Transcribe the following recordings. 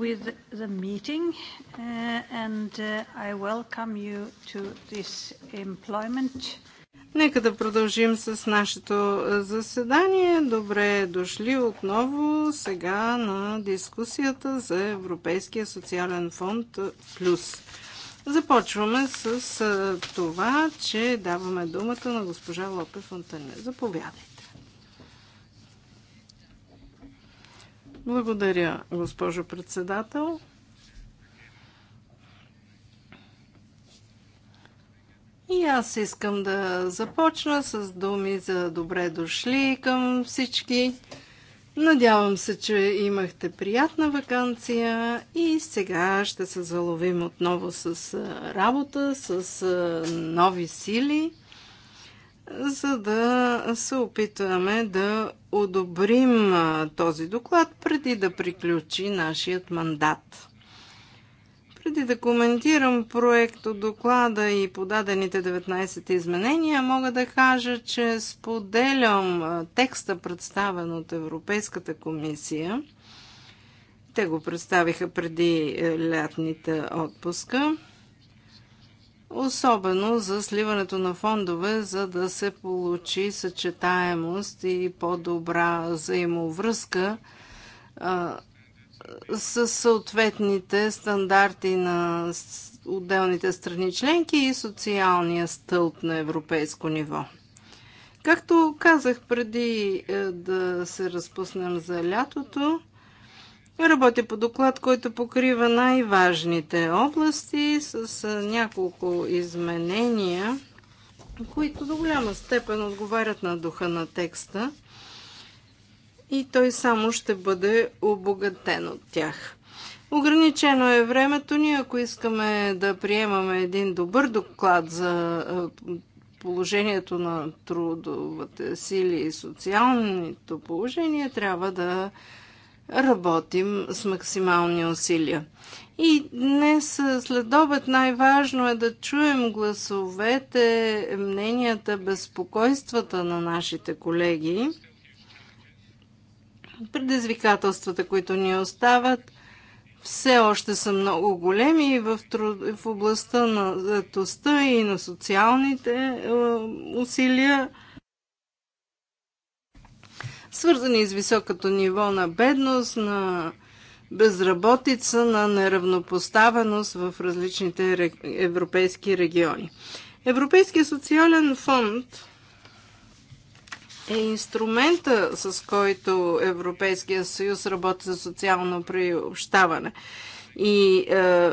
with the meeting, uh, and uh, I welcome you to this employment. Нека да продължим с нашето е, заседание. Добре дошли отново сега на дискусията за Европейския социален фонд е, Плюс. Започваме с е, това, че даваме думата на госпожа Лопе Фонтане. Заповядайте. Благодаря, госпожо председател. И аз искам да започна с думи за добре дошли към всички. Надявам се, че имахте приятна вакансия и сега ще се заловим отново с работа, с нови сили, за да се опитваме да одобрим този доклад преди да приключи нашият мандат. Преди да коментирам проект от доклада и подадените 19 изменения, мога да кажа, че споделям текста, представен от Европейската комисия. Те го представиха преди е, лятните отпуска особено за сливането на фондове, за да се получи съчетаемост и по-добра взаимовръзка с съответните стандарти на отделните страни членки и социалния стълб на европейско ниво. Както казах преди е, да се разпуснем за лятото, Работя по доклад, който покрива най-важните области с няколко изменения, които до голяма степен отговарят на духа на текста и той само ще бъде обогатен от тях. Ограничено е времето ни, ако искаме да приемаме един добър доклад за положението на трудовата сили и социалното положение, трябва да работим с максимални усилия. И днес след обед най-важно е да чуем гласовете, мненията, безпокойствата на нашите колеги, предизвикателствата, които ни остават, все още са много големи и в, труд... в областта на заедостта и на социалните усилия свързани с високото ниво на бедност, на безработица, на неравнопоставеност в различните европейски региони. Европейския социален фонд е инструмента, с който Европейския съюз работи за социално приобщаване. И е,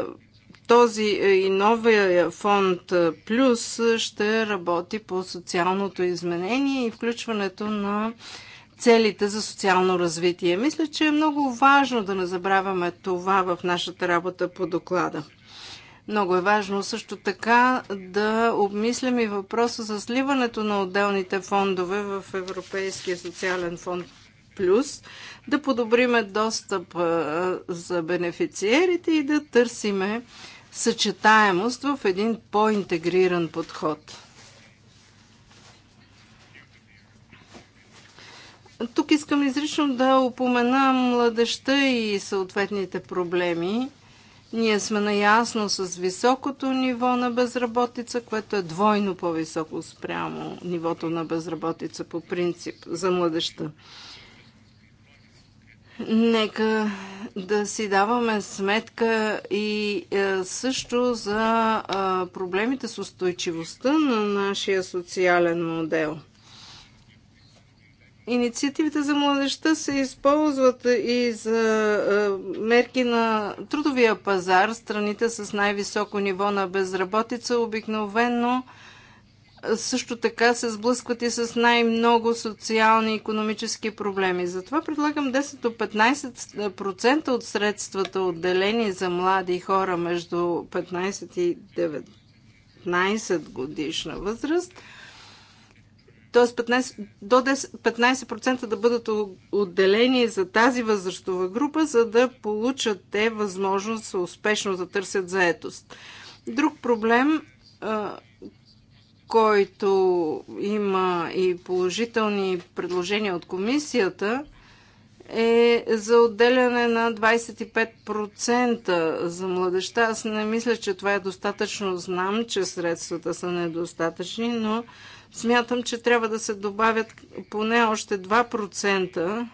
този е, и новия фонд е, Плюс ще работи по социалното изменение и включването на е, целите за социално развитие. Мисля, че е много важно да не забравяме това в нашата работа по доклада. Много е важно също така да обмислям и въпроса за сливането на отделните фондове в Европейския социален фонд Плюс, да подобриме достъп за бенефициерите и да търсиме съчетаемост в един по-интегриран подход. Тук искам изрично да упомена младеща и съответните проблеми. Ние сме наясно с високото ниво на безработица, което е двойно по-високо спрямо нивото на безработица по принцип за младеща. Нека да си даваме сметка и е, също за проблемите с устойчивостта на нашия социален модел – Инициативите за младеща се използват и за е, мерки на трудовия пазар. Страните с най-високо ниво на безработица обикновено е, също така се сблъскват и с най-много социални и економически проблеми. Затова предлагам 10 до 15% е, от средствата отделени за млади хора между 15 и 19 годишна възраст – т.е. 15, до 10, 15% да бъдат отделени за тази възрастова група, за да получат те възможност успешно да търсят заетост. Друг проблем, който има и положителни предложения от комисията, е за отделяне на 25% за младеща. Аз не мисля, че това е достатъчно. Знам, че средствата са недостатъчни, но Смятам, че трябва да се добавят поне още 2%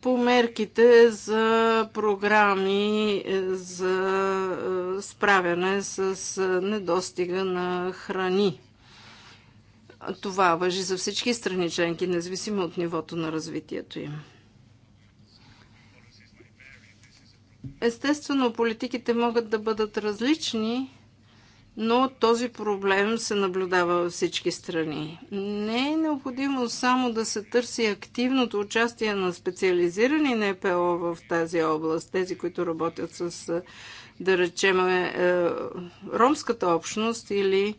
по мерките за програми е, за е, справяне с е, недостига на храни. Това въжи за всички страни членки, независимо от нивото на развитието им. Естествено, политиките могат да бъдат различни, но този проблем се наблюдава във всички страни. Не е необходимо само да се търси активното участие на специализирани НПО в тази област, тези, които работят с, да речем, е, ромската общност или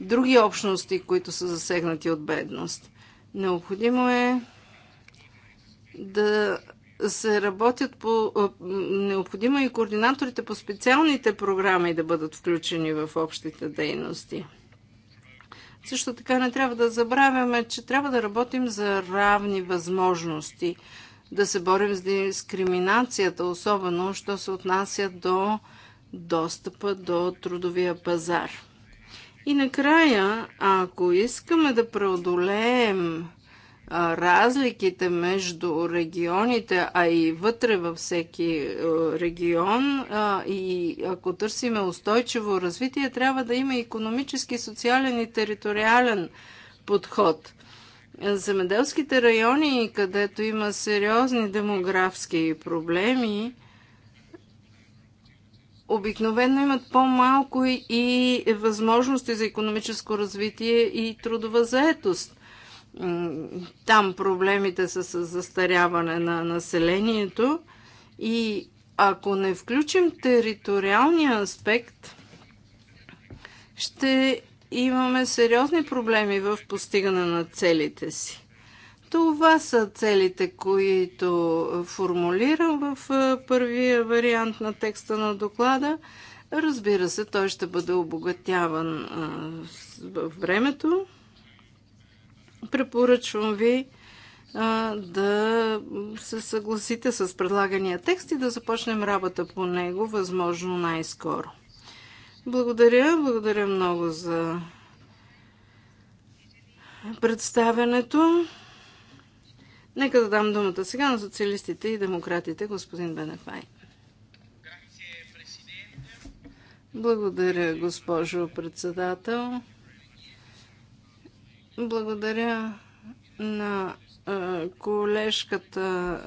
други общности, които са засегнати от бедност. Необходимо е да се работят по... Необходимо е и координаторите по специалните програми да бъдат включени в общите дейности. Също така не трябва да забравяме, че трябва да работим за равни възможности, да се борим с дискриминацията, особено, що се отнася до достъпа до трудовия пазар. И накрая, ако искаме да преодолеем разликите между регионите, а и вътре във всеки е, регион и ако търсиме устойчиво развитие, трябва да има економически, социален и териториален подход. Земеделските райони, където има сериозни демографски проблеми, обикновено имат по-малко и възможности за економическо развитие и трудова заетост. Там проблемите са с застаряване на населението и ако не включим териториалния аспект, ще имаме сериозни проблеми в постигане на целите си. Това са целите, които формулирам в първия вариант на текста на доклада. Разбира се, той ще бъде обогатяван във времето. Препоръчвам ви да се съгласите с предлагания текст и да започнем работа по него, възможно най-скоро. Благодаря, благодаря много за представенето. Нека да дам думата сега на социалистите и демократите, господин Бенефай. Благодаря, госпожо председател. Благодаря на колежката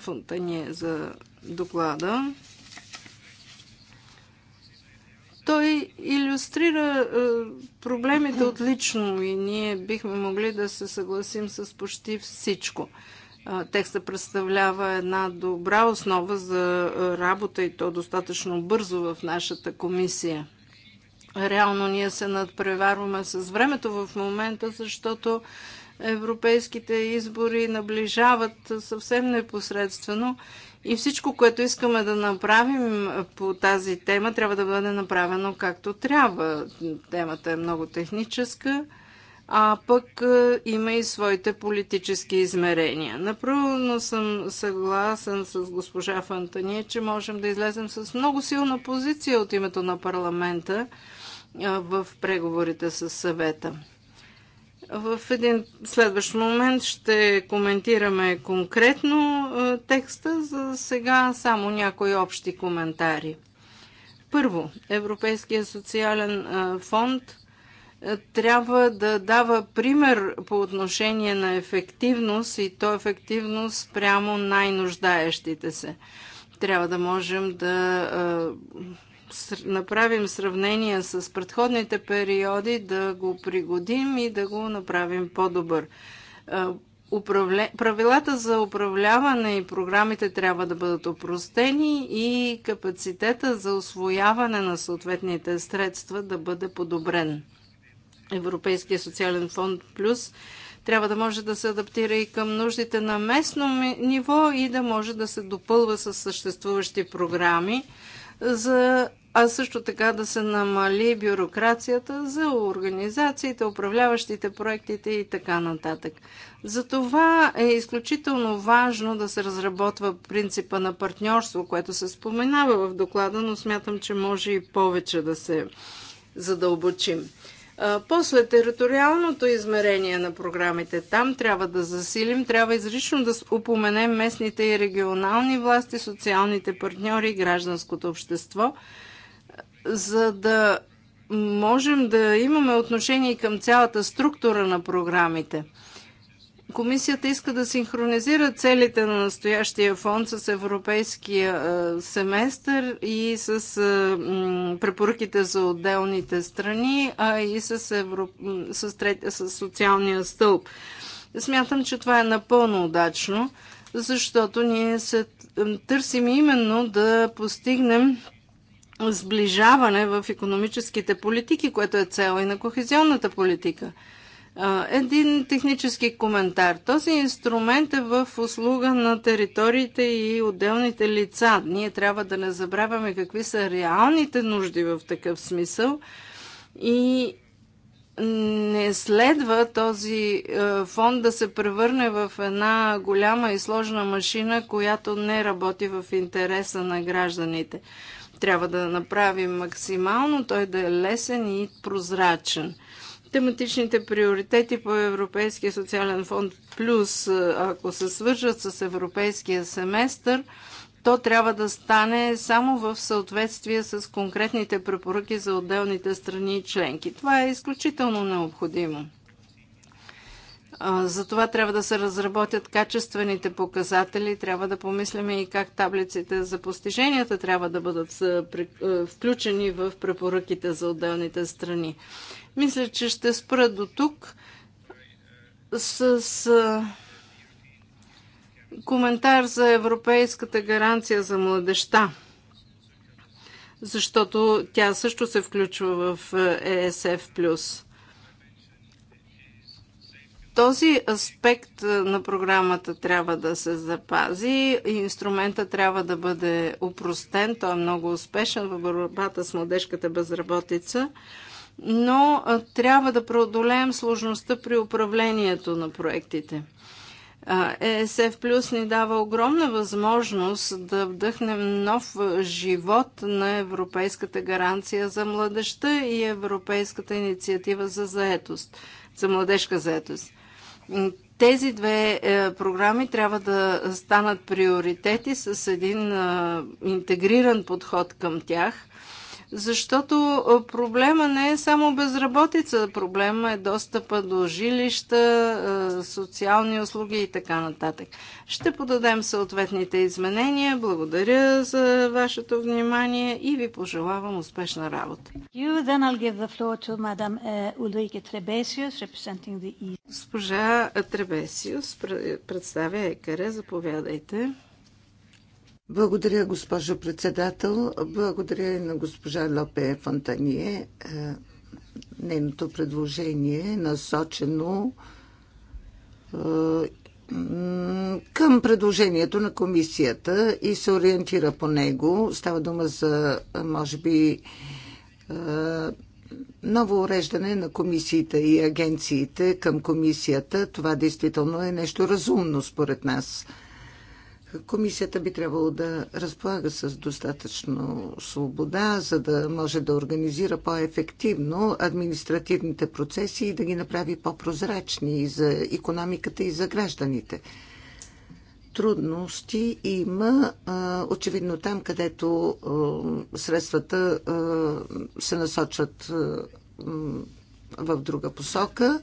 Фонтане за доклада. Той иллюстрира проблемите отлично и ние бихме могли да се съгласим с почти всичко. Текста представлява една добра основа за работа и то достатъчно бързо в нашата комисия реално ние се надпреварваме с времето в момента, защото европейските избори наближават съвсем непосредствено и всичко, което искаме да направим по тази тема, трябва да бъде направено както трябва. Темата е много техническа, а пък е, има и своите политически измерения. Направо съм съгласен с госпожа Фантания, че можем да излезем с много силна позиция от името на парламента в преговорите с съвета. В един следващ момент ще коментираме конкретно текста, за сега само някои общи коментари. Първо, Европейския социален фонд трябва да дава пример по отношение на ефективност и то ефективност прямо най-нуждаещите се. Трябва да можем да направим сравнение с предходните периоди, да го пригодим и да го направим по-добър. Правилата за управляване и програмите трябва да бъдат опростени и капацитета за освояване на съответните средства да бъде подобрен. Европейския социален фонд Плюс трябва да може да се адаптира и към нуждите на местно ниво и да може да се допълва с съществуващи програми за а също така да се намали бюрокрацията за организациите, управляващите проектите и така нататък. Затова е изключително важно да се разработва принципа на партньорство, което се споменава в доклада, но смятам, че може и повече да се задълбочим. После териториалното измерение на програмите там трябва да засилим, трябва изрично да упоменем местните и регионални власти, социалните партньори и гражданското общество – за да можем да имаме отношение към цялата структура на програмите. Комисията иска да синхронизира целите на настоящия фонд с европейския е, семестър и с е, препоръките за отделните страни, а и с, евро... с, трет... с социалния стълб. Смятам, че това е напълно удачно, защото ние се търсим именно да постигнем сближаване в економическите политики, което е цел и на кохезионната политика. Един технически коментар. Този инструмент е в услуга на териториите и отделните лица. Ние трябва да не забравяме какви са реалните нужди в такъв смисъл и не следва този е, фонд да се превърне в една голяма и сложна машина, която не работи в интереса на гражданите. Трябва да направим максимално той да е лесен и прозрачен. Тематичните приоритети по Европейския социален фонд плюс, ако се свържат с Европейския семестър, то трябва да стане само в съответствие с конкретните препоръки за отделните страни и членки. Това е изключително необходимо. Затова трябва да се разработят качествените показатели, трябва да помислим и как таблиците за постиженията трябва да бъдат включени в препоръките за отделните страни. Мисля, че ще спра до тук с коментар за Европейската гаранция за младеща, защото тя също се включва в ЕСФ+. Този аспект на програмата трябва да се запази. Инструмента трябва да бъде упростен. Той е много успешен в борбата с младежката безработица. Но трябва да преодолеем сложността при управлението на проектите. ESF Плюс ни дава огромна възможност да вдъхнем нов живот на Европейската гаранция за младеща и Европейската инициатива за заетост, за младежка заетост. Тези две е, програми трябва да станат приоритети с един е, интегриран подход към тях – защото проблема не е само безработица, проблема е достъпа до жилища, социални услуги и така нататък. Ще подадем съответните изменения. Благодаря за вашето внимание и ви пожелавам успешна работа. Е, e Госпожа Требесиус представя екаре. Заповядайте. Благодаря, госпожо председател. Благодаря и на госпожа Лопе Фонтание. Е, нейното предложение е насочено е, към предложението на комисията и се ориентира по него. Става дума за, може би, е, ново уреждане на комисиите и агенциите към комисията. Това действително е нещо разумно, според нас. Комисията би трябвало да разполага с достатъчно свобода, за да може да организира по-ефективно административните процеси и да ги направи по-прозрачни и за економиката, и за гражданите. Трудности има очевидно там, където средствата се насочват в друга посока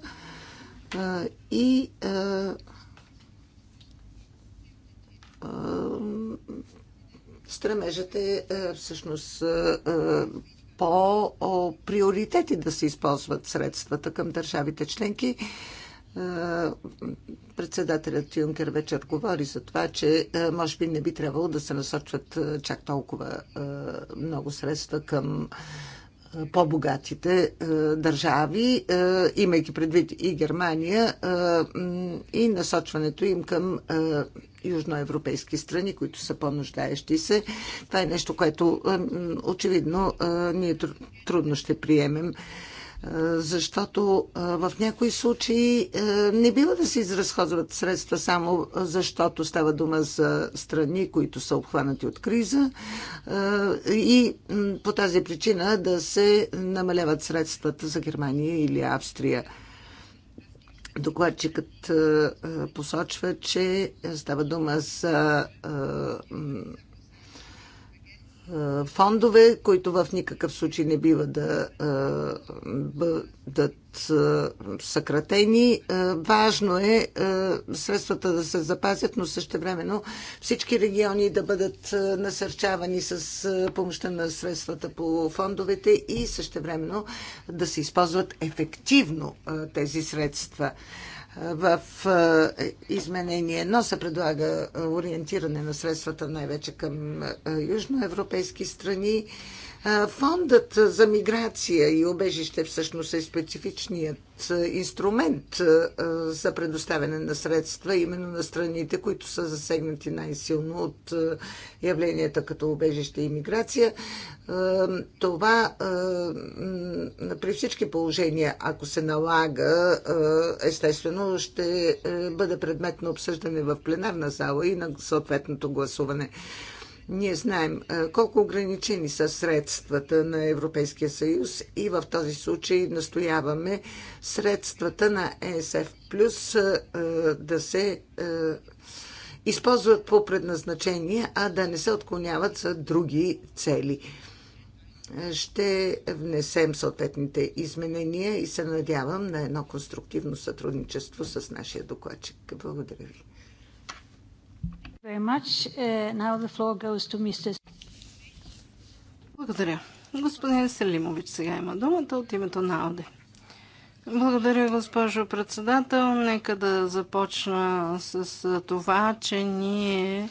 и стремежът е, е всъщност е, е, по приоритети да се използват средствата към държавите членки. Председателят Юнкер вечер говори за това, че може би не би трябвало да се насочват чак толкова много средства към по-богатите държави, имайки предвид и Германия, и насочването им към южноевропейски страни, които са по-нуждаещи се. Това е нещо, което очевидно е, ние трудно ще приемем е, защото е, в някои случаи не бива да се изразходват средства само защото става дума за страни, които са обхванати от криза и по тази причина да се намаляват средствата за Германия или Австрия. Докладчикът посочва, че става дума за е, фондове, които в никакъв случай не бива да е, бъдат е, съкратени. Важно е средствата да се запазят, но същевременно всички региони да бъдат насърчавани с помощта на средствата по фондовете и времено да се използват ефективно тези средства. В изменение едно се предлага ориентиране на средствата най-вече към южноевропейски страни Фондът за миграция и обежище всъщност е специфичният инструмент за предоставяне на средства именно на страните, които са засегнати най-силно от явленията като обежище и миграция. Това при всички положения, ако се налага, естествено ще е, бъде предмет на обсъждане в пленарна зала и на съответното гласуване. Ние знаем колко ограничени са средствата на Европейския съюз и в този случай настояваме средствата на ЕСФ плюс да се използват по предназначение, а да не се отклоняват за други цели. Ще внесем съответните изменения и се надявам на едно конструктивно сътрудничество с нашия докладчик. Благодаря ви. Uh, Благодаря. Господин Селимович сега има думата от името на Ауди. Благодаря, госпожо председател. Нека да започна с това, че ние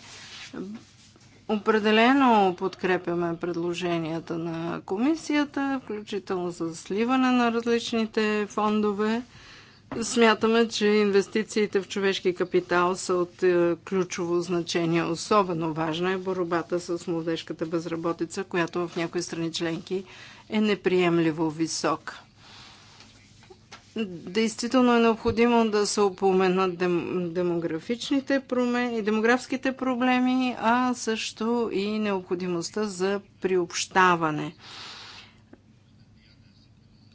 определено подкрепяме предложенията на комисията, включително за сливане на различните фондове. Смятаме, че инвестициите в човешки капитал са от е, ключово значение. Особено важна е борбата с младежката безработица, която в някои страни членки е неприемливо висока. Действително е необходимо да се упоменат дем, демографичните промени, демографските проблеми, а също и необходимостта за приобщаване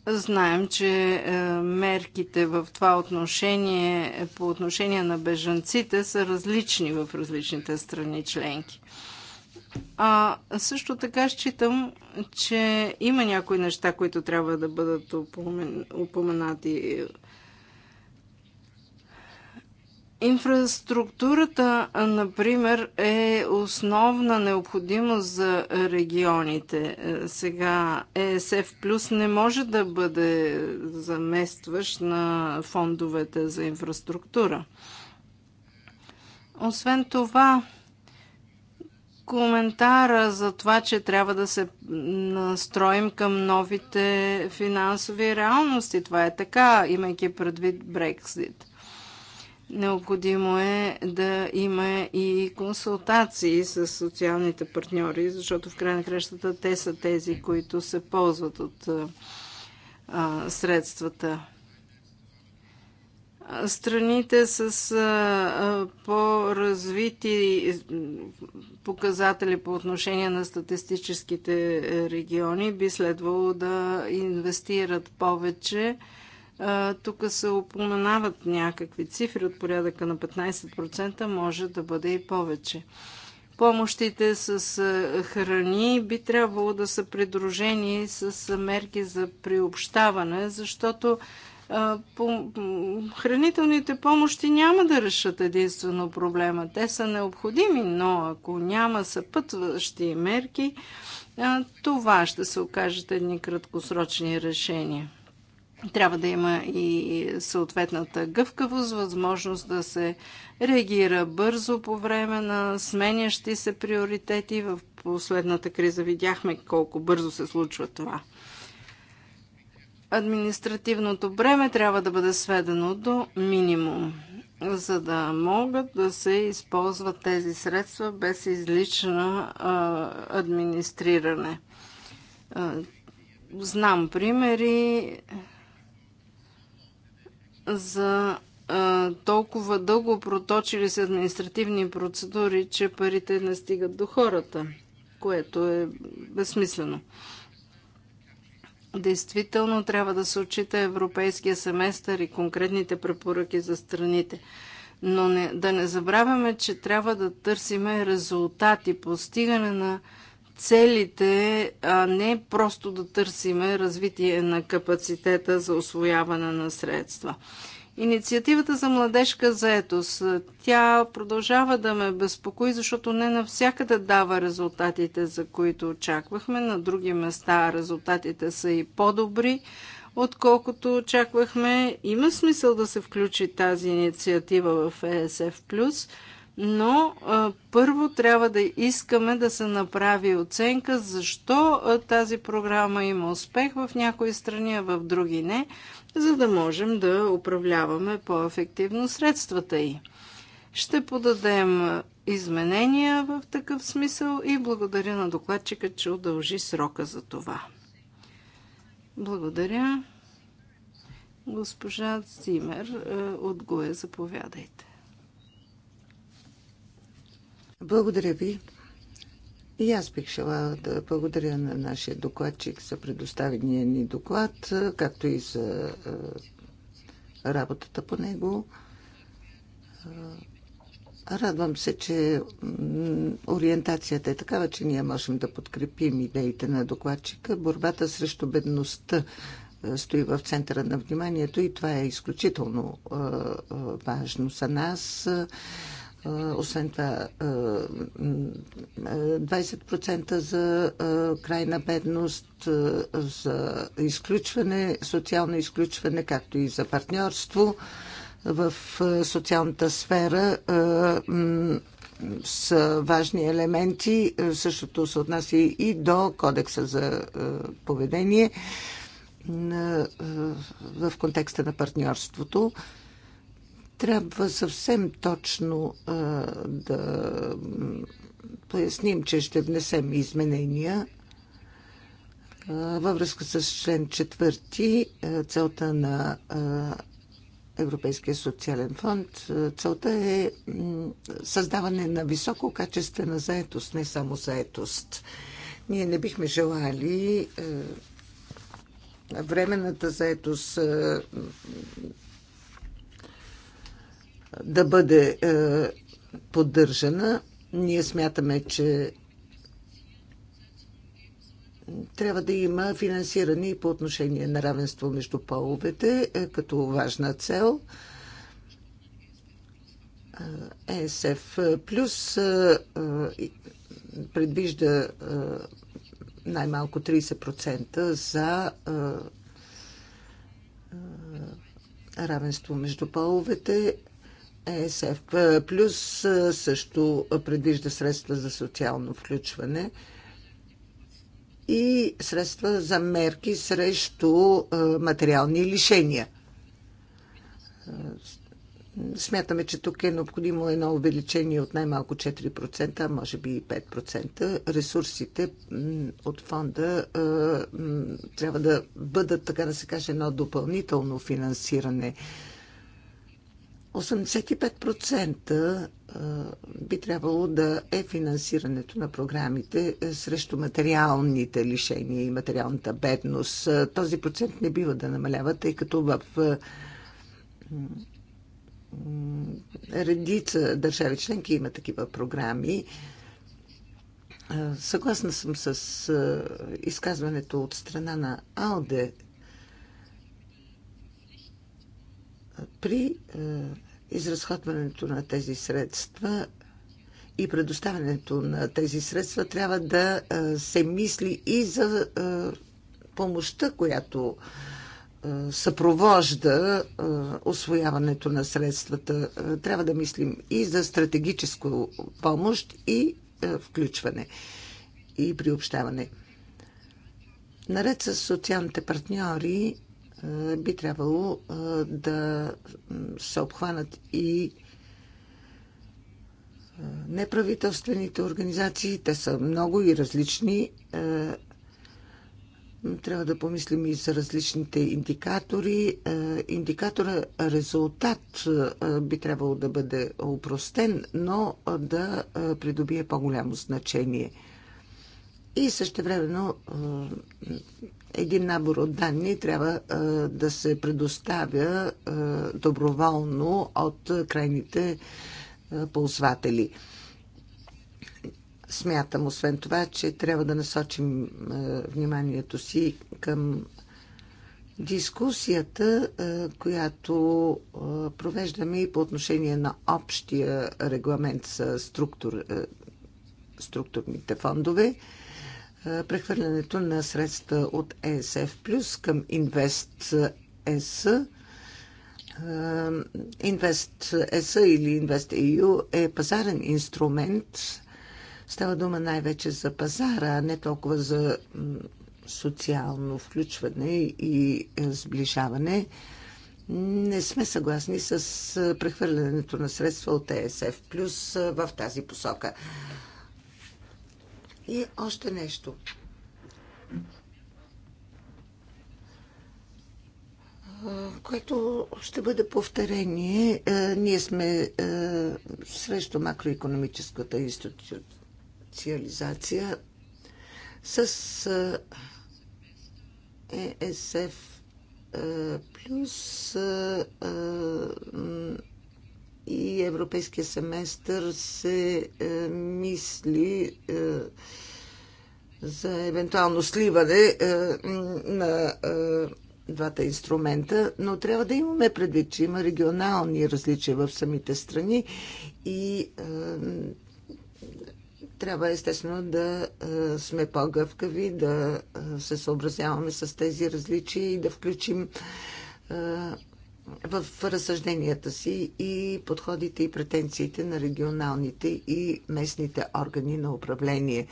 Знаем, че е, мерките в това отношение, по отношение на бежанците, са различни в различните страни членки. А също така считам, че има някои неща, които трябва да бъдат упоменати Инфраструктурата, например, е основна необходимост за регионите. Е, сега ЕСФ Плюс не може да бъде заместващ на фондовете за инфраструктура. Освен това, коментара за това, че трябва да се настроим към новите финансови реалности. Това е така, имайки предвид Брексит. Необходимо е да има и консултации с социалните партньори, защото в край на кращата те са тези, които се ползват от а, средствата. Страните с по-развити показатели по отношение на статистическите региони би следвало да инвестират повече тук се упоменават някакви цифри от порядъка на 15%, може да бъде и повече. Помощите с храни би трябвало да са придружени с мерки за приобщаване, защото хранителните помощи няма да решат единствено проблема. Те са необходими, но ако няма съпътващи мерки, това ще се окажат едни краткосрочни решения. Трябва да има и съответната гъвкавост, възможност да се реагира бързо по време на сменящи се приоритети. В последната криза видяхме колко бързо се случва това. Административното бреме трябва да бъде сведено до минимум, за да могат да се използват тези средства без излично администриране. Знам примери за а, толкова дълго проточили се административни процедури, че парите не стигат до хората, което е безсмислено. Действително трябва да се отчита европейския семестър и конкретните препоръки за страните. Но не, да не забравяме, че трябва да търсиме резултати, постигане на целите, а не просто да търсиме развитие на капацитета за освояване на средства. Инициативата за младежка заетост, тя продължава да ме безпокои, защото не навсякъде дава резултатите, за които очаквахме. На други места резултатите са и по-добри, отколкото очаквахме. Има смисъл да се включи тази инициатива в ESF+. Е но а, първо трябва да искаме да се направи оценка защо а, тази програма има успех в някои страни, а в други не, за да можем да управляваме по-ефективно средствата й. Ще подадем изменения в такъв смисъл и благодаря на докладчика, че удължи срока за това. Благодаря. Госпожа Зимер от ГОЕ, заповядайте. Благодаря ви. И аз бих желала да благодаря на нашия докладчик за предоставения ни доклад, както и за работата по него. Радвам се, че ориентацията е такава, че ние можем да подкрепим идеите на докладчика. Борбата срещу бедността стои в центъра на вниманието и това е изключително важно за нас. Е, освен това, 20% е, е, за крайна бедност, за изключване, социално изключване, както и за партньорство в социалната сфера са важни елементи. Същото се отнася и до кодекса за поведение в контекста на партньорството трябва съвсем точно а, да поясним, че ще внесем изменения а, във връзка с член 4, целта на а, Европейския социален фонд. Целта е създаване на високо качествена заетост, не само заетост. Ние не бихме желали временната заетост да бъде е, поддържана. Ние смятаме, че трябва да има финансиране и по отношение на равенство между половете е, като важна цел. Е, ЕСФ плюс е, е, предвижда е, най-малко 30% за равенство между половете ЕСФ Плюс също предвижда средства за социално включване и средства за мерки срещу материални лишения. Смятаме, че тук е необходимо едно увеличение от най-малко 4%, а може би и 5%. Ресурсите от фонда трябва да бъдат, така да се каже, едно допълнително финансиране 85% би трябвало да е финансирането на програмите е, срещу материалните лишения и материалната бедност. Този процент не бива да намалява, тъй като в редица държави членки има такива програми. Съгласна съм с изказването от страна на Алде при е, изразходването на тези средства и предоставянето на тези средства трябва да е, се мисли и за е, помощта, която съпровожда освояването на средствата. Трябва да мислим и за стратегическо помощ и включване и приобщаване. Наред с социалните партньори е, би трябвало е, да се обхванат и е, неправителствените организации. Те са много и различни. Трябва да помислим и за различните индикатори. Индикатора резултат би трябвало да бъде упростен, но да придобие по-голямо значение. И също времено един набор от данни трябва да се предоставя доброволно от крайните ползватели. Смятам, освен това, че трябва да насочим вниманието си към дискусията, която провеждаме и по отношение на общия регламент за структур, структурните фондове прехвърлянето на средства от ESF Plus към Invest ЕС. Invest ЕС или Invest EU е, е пазарен инструмент. Става дума най-вече за пазара, а не толкова за социално включване и е, сближаване. Не сме съгласни с прехвърлянето на средства от ESF е плюс в тази посока. И още нещо. което ще бъде повторение. Е, ние сме е, срещу макроекономическата институциализация с е, ЕСФ плюс и европейския семестър се е, мисли е, за евентуално сливане е, на е, двата инструмента, но трябва да имаме предвид, че има регионални различия в самите страни и е, трябва естествено да е, сме по-гъвкави, да е, се съобразяваме с тези различия и да включим е, в разсъжденията си и подходите и претенциите на регионалните и местните органи на управление.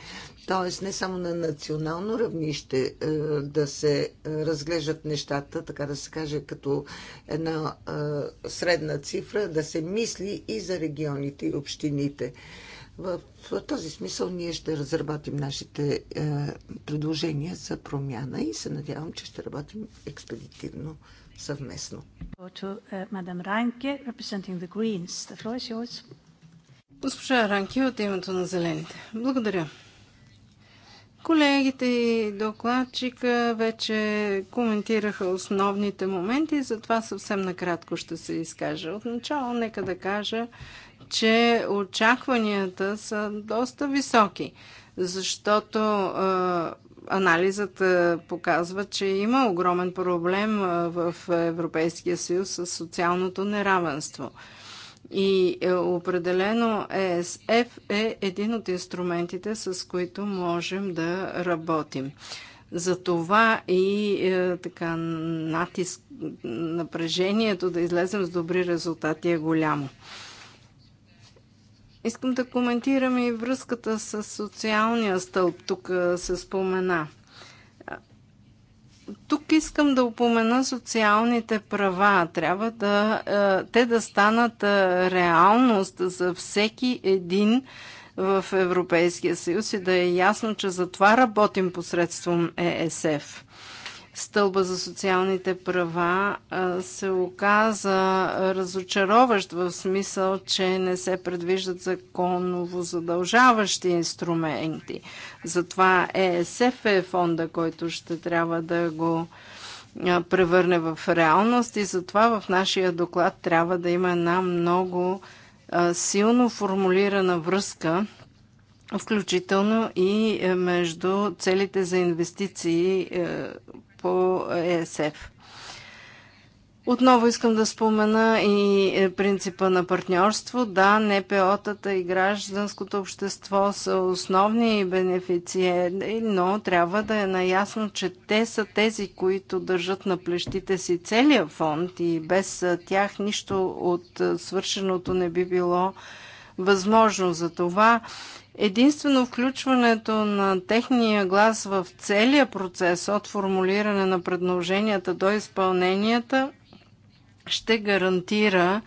Тоест не само на национално равнище е, да се е, разглеждат нещата, така да се каже, като една е, средна цифра, да се мисли и за регионите и общините. В този смисъл ние ще разработим нашите предложения за промяна и се надявам, че ще работим експедитивно съвместно. Uh, Госпожа Ранки от името на Зелените. Благодаря. Колегите и докладчика вече коментираха основните моменти, затова съвсем накратко ще се изкажа. Отначало нека да кажа, че очакванията са доста високи, защото анализът е, показва, че има огромен проблем е, в Европейския съюз с социалното неравенство. И е, определено ЕСФ е един от инструментите, с които можем да работим. Затова и е, така натиск, напрежението да излезем с добри резултати е голямо. Искам да коментирам и връзката с социалния стълб, тук се спомена. Тук искам да упомена социалните права. Трябва да, те да станат реалност за всеки един в Европейския съюз и да е ясно, че за това работим посредством ЕСФ стълба за социалните права се оказа разочароващ в смисъл, че не се предвиждат законово задължаващи инструменти. Затова ЕСФ е фонда, който ще трябва да го превърне в реалност и затова в нашия доклад трябва да има една много силно формулирана връзка включително и е, между целите за инвестиции е, по ЕСФ. Отново искам да спомена и е, принципа на партньорство. Да, НПО-тата и гражданското общество са основни бенефициери, но трябва да е наясно, че те са тези, които държат на плещите си целия фонд и без е, тях нищо от е, свършеното не би било възможно. За това Единствено включването на техния глас в целия процес от формулиране на предложенията до изпълненията ще гарантира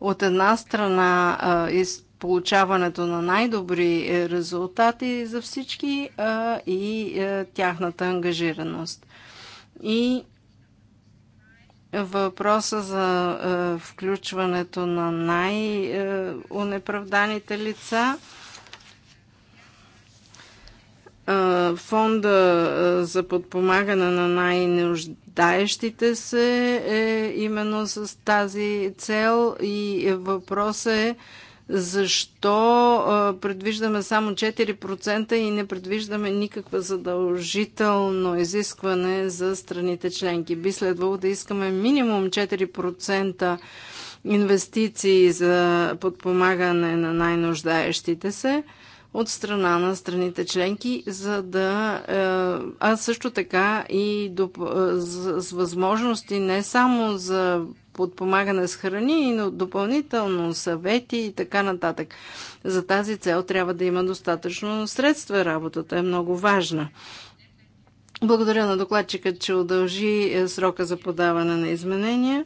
от една страна получаването на най-добри е, резултати за всички и е, тяхната ангажираност. И въпроса за е, включването на най-унеправданите лица – фонда за подпомагане на най-нуждаещите се е именно с тази цел и въпросът е защо предвиждаме само 4% и не предвиждаме никаква задължително изискване за страните членки. Би следвало да искаме минимум 4% инвестиции за подпомагане на най-нуждаещите се – от страна на страните членки, за да, е, а също така и до, е, с, възможности не само за подпомагане с храни, но допълнително съвети и така нататък. За тази цел трябва да има достатъчно средства. Работата е много важна. Благодаря на докладчика, че удължи е, срока за подаване на изменения.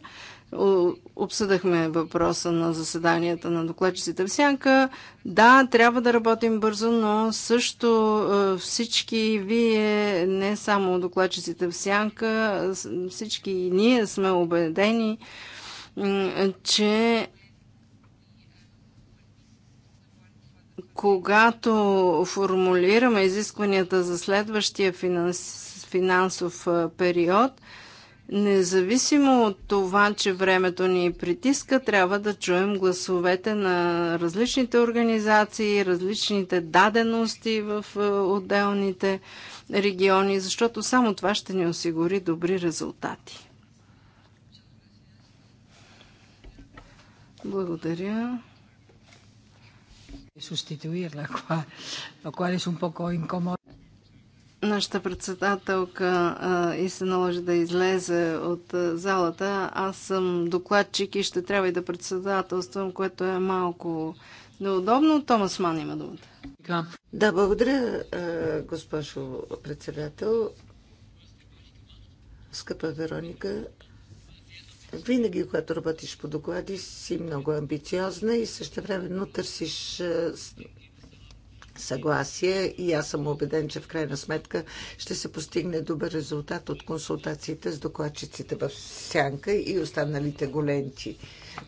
Обсъдахме въпроса на заседанията на докладчиците в Сянка. Да, трябва да работим бързо, но също е, всички вие, не само докладчиците в Сянка, всички и ние сме убедени, че когато формулираме изискванията за следващия финансов е, период – Независимо от това, че времето ни притиска, трябва да чуем гласовете на различните организации, различните дадености в отделните региони, защото само това ще ни осигури добри резултати. Благодаря. Sustituirla, lo cual es un poco Нашата председателка а, и се наложи да излезе от а, залата. Аз съм докладчик и ще трябва и да председателствам, което е малко неудобно. Томас Ман има думата. Да, благодаря, госпожо председател. Скъпа Вероника, винаги, когато работиш по доклади, си много амбициозна и същевременно търсиш съгласие и аз съм убеден, че в крайна сметка ще се постигне добър резултат от консултациите с докладчиците в Сянка и останалите голенти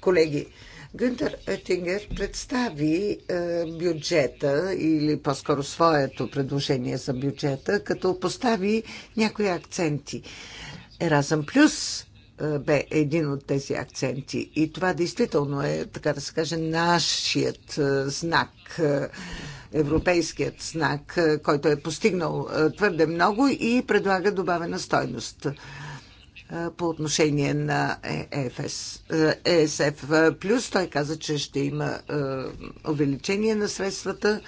колеги. Гюнтер Етингер представи е, бюджета или по-скоро своето предложение за бюджета, като постави някои акценти. Еразъм Плюс е, бе един от тези акценти. И това действително е, така да се каже, нашият е, знак, е, европейският знак, който е постигнал твърде много и предлага добавена стойност по отношение на ЕФС, ЕСФ. Плюс той каза, че ще има увеличение на средствата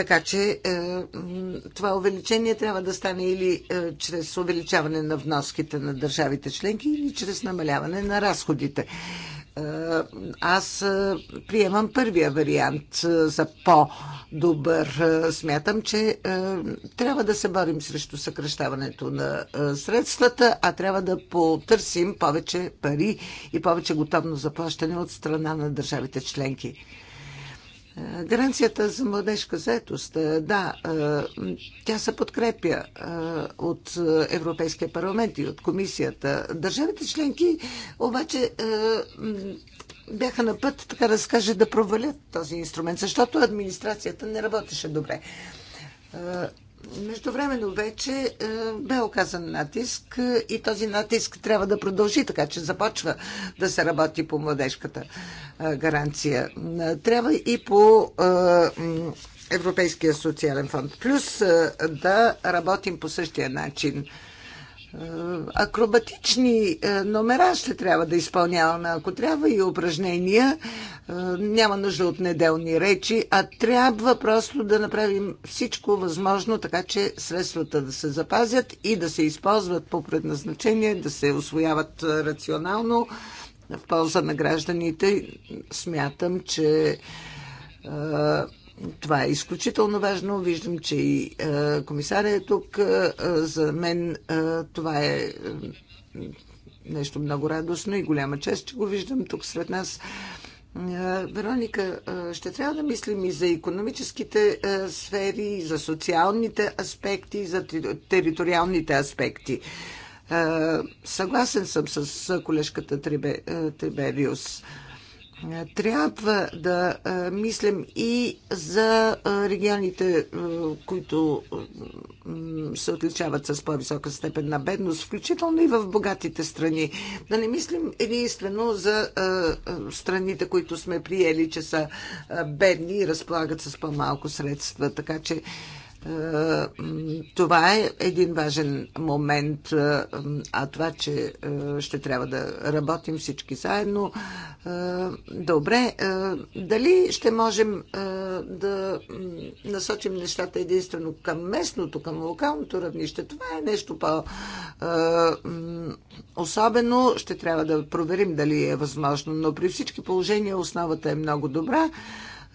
така че е, това увеличение трябва да стане или е, чрез увеличаване на вноските на държавите членки, или чрез намаляване на разходите. Е, аз приемам първия вариант за по-добър. Смятам, че трябва да се борим срещу съкръщаването на средствата, а трябва да потърсим повече пари и повече готовно заплащане от страна на държавите членки. Гаранцията за младежка заетост, да, тя се подкрепя от Европейския парламент и от комисията. Държавите членки обаче бяха на път, така да скаже, да провалят този инструмент, защото администрацията не работеше добре. Междувременно вече е, бе оказан натиск е, и този натиск трябва да продължи, така че започва да се работи по младежката е, гаранция. Трябва и по Европейския социален фонд. Плюс да работим по същия начин. Е, акробатични е, номера ще трябва да изпълняваме, ако трябва и упражнения. Е, няма нужда от неделни речи, а трябва просто да направим всичко възможно, така че средствата да се запазят и да се използват по предназначение, да се освояват рационално в полза на гражданите. Смятам, че това е изключително важно. Виждам, че и е, комисаря е тук. Е, за мен е, това е нещо много радостно и голяма чест, че го виждам тук сред нас. Вероника, ще трябва да мислим и за економическите сфери, и за социалните аспекти, и за териториалните аспекти. Съгласен съм с колежката Трибериус. Трибе трябва да е, мислим и за е, регионите, е, които се отличават с по-висока степен на бедност, включително и в богатите страни. Да не мислим единствено за страните, които сме приели, че са бедни и разполагат с по-малко средства. Така че е, това е един важен момент, е, а това, че е, ще трябва да работим всички заедно. Добре, дали ще можем да насочим нещата единствено към местното, към локалното равнище? Това е нещо по- особено. Ще трябва да проверим дали е възможно, но при всички положения основата е много добра.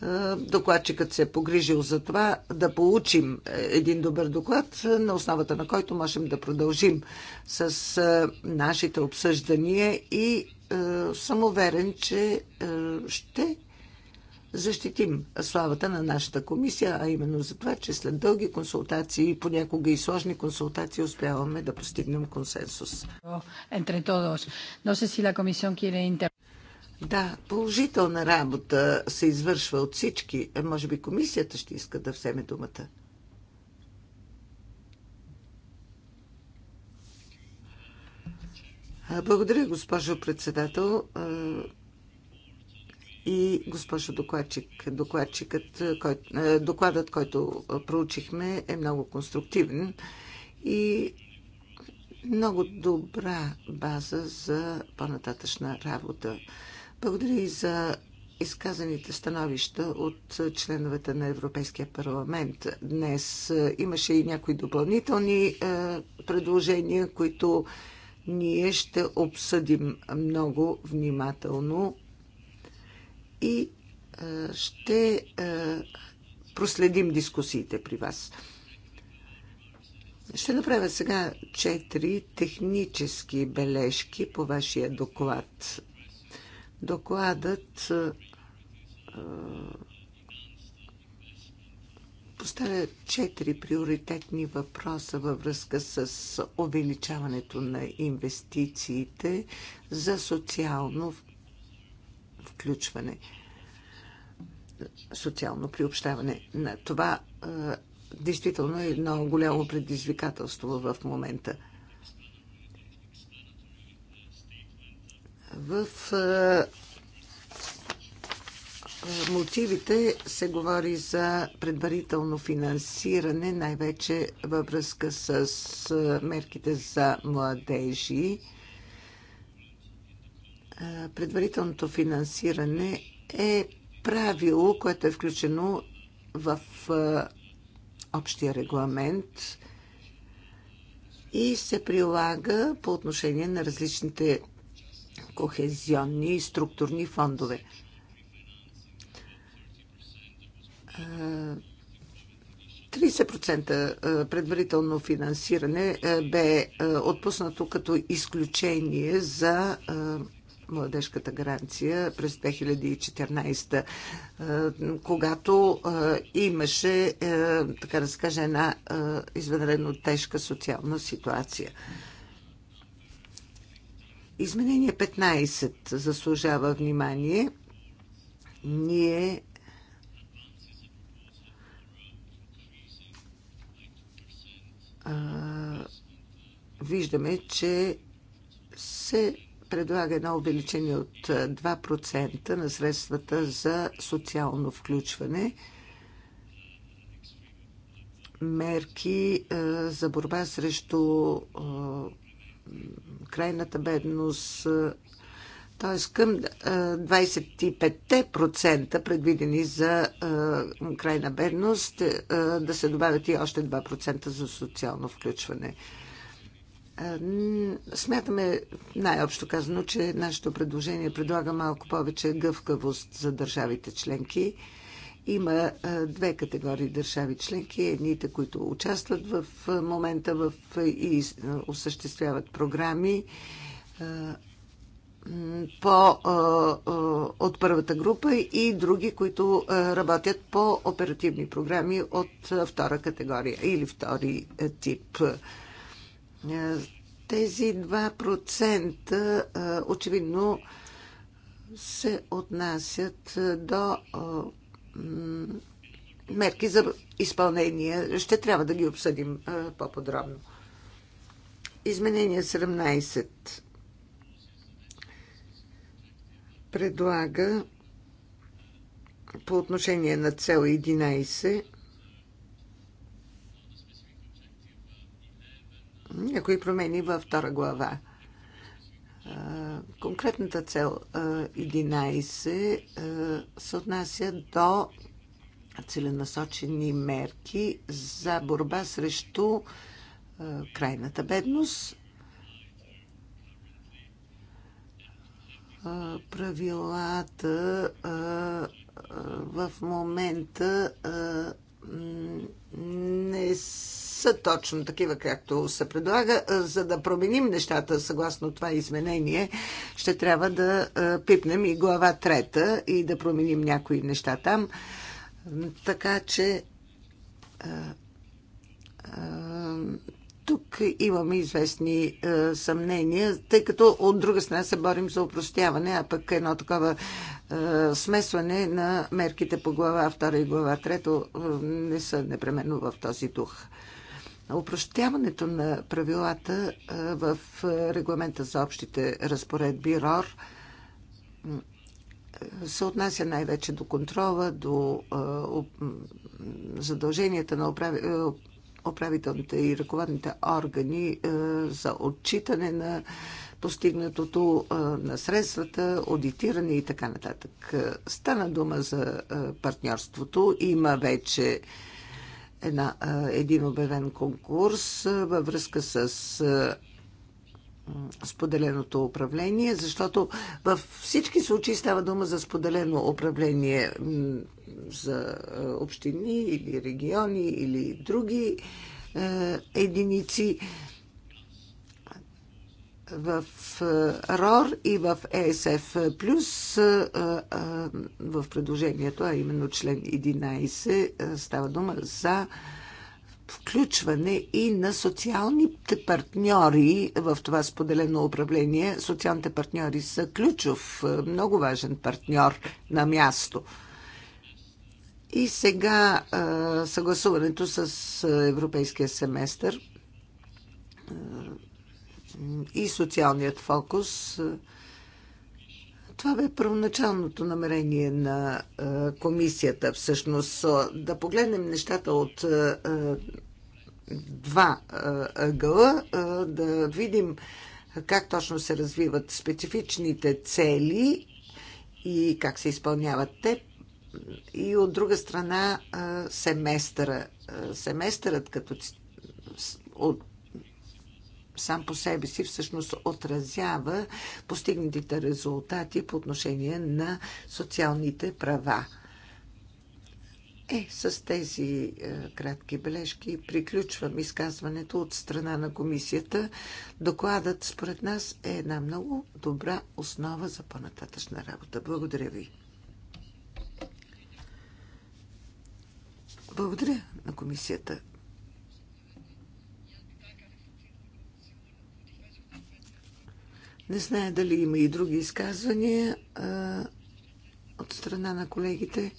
Е, докладчикът се е погрижил за това да получим е, един добър доклад, е, на основата на който можем да продължим с нашите обсъждания и съм уверен, че ще защитим славата на нашата комисия, а именно за това, че след дълги консултации, понякога и сложни консултации, успяваме да постигнем консенсус. Entre todos. No sé si la comisión quiere inter... Да, положителна работа се извършва от всички. Е, може би комисията ще иска да вземе думата. Благодаря, госпожо председател и госпожо докладчик. Докладчикът, кой, докладът, който проучихме, е много конструктивен и много добра база за по-нататъчна работа. Благодаря и за изказаните становища от членовете на Европейския парламент. Днес е, имаше и някои допълнителни е, предложения, които ние ще обсъдим много внимателно и е, ще проследим дискусиите при вас. Ще направя сега четири технически бележки по вашия доклад. Докладът поставя четири приоритетни въпроса във връзка с увеличаването на инвестициите за социално включване, социално приобщаване. Това действително е едно голямо предизвикателство в момента. В мотивите се говори за предварително финансиране, най-вече във връзка с мерките за младежи. Предварителното финансиране е правило, което е включено в общия регламент и се прилага по отношение на различните кохезионни и структурни фондове. А, 30% предварително финансиране бе отпуснато като изключение за младежката гаранция през 2014, когато имаше, така да се каже, една извънредно тежка социална ситуация. Изменение 15 заслужава внимание. Ние а, виждаме, че се предлага едно увеличение от 2% на средствата за социално включване мерки за борба срещу крайната бедност, т.е. към 25% е, предвидени за е, крайна бедност, е, да се добавят и още 2% за социално включване. Смятаме, най-общо казано, че нашето предложение предлага малко повече гъвкавост за държавите членки има две категории държави членки. Едните, които участват в момента в, и осъществяват програми по, от първата група и други, които работят по оперативни програми от втора категория или втори тип. Тези 2% очевидно се отнасят до мерки за изпълнение. Ще трябва да ги обсъдим по-подробно. Изменение 17 предлага по отношение на цел 11 някои промени във втора глава конкретната цел 11 се отнася до целенасочени мерки за борба срещу крайната бедност, правилата в момента не са са точно такива, както се предлага. Е, за да променим нещата съгласно това изменение, ще трябва да е, пипнем и глава трета и да променим някои неща там. Така че е, тук имаме известни е, съмнения, тъй като от друга страна се борим за упростяване, а пък едно такова е, смесване на мерките по глава 2 и глава 3 не са непременно в този дух. Опрощяването на правилата в регламента за общите разпоредби РОР се отнася най-вече до контрола, до задълженията на управителните и ръководните органи за отчитане на постигнатото на средствата, аудитиране и така нататък. Стана дума за партньорството. Има вече една, един обявен конкурс във връзка с споделеното управление, защото във всички случаи става дума за споделено управление за общини или региони или други единици в е, РОР и в ЕСФ плюс е, е, в предложението, а именно член 11, става дума за включване и на социалните партньори в това споделено управление. Социалните партньори са ключов, много важен партньор на място. И сега съгласуването с европейския семестър и социалният фокус. Това бе първоначалното намерение на комисията, всъщност да погледнем нещата от два ъгъла, да видим как точно се развиват специфичните цели и как се изпълняват те. И от друга страна семестъра. Семестърът като от сам по себе си всъщност отразява постигнатите резултати по отношение на социалните права. Е, с тези е, кратки бележки приключвам изказването от страна на комисията. Докладът, според нас, е една много добра основа за по-нататъчна работа. Благодаря ви. Благодаря на комисията Не зная дали има и други изказвания а, от страна на колегите.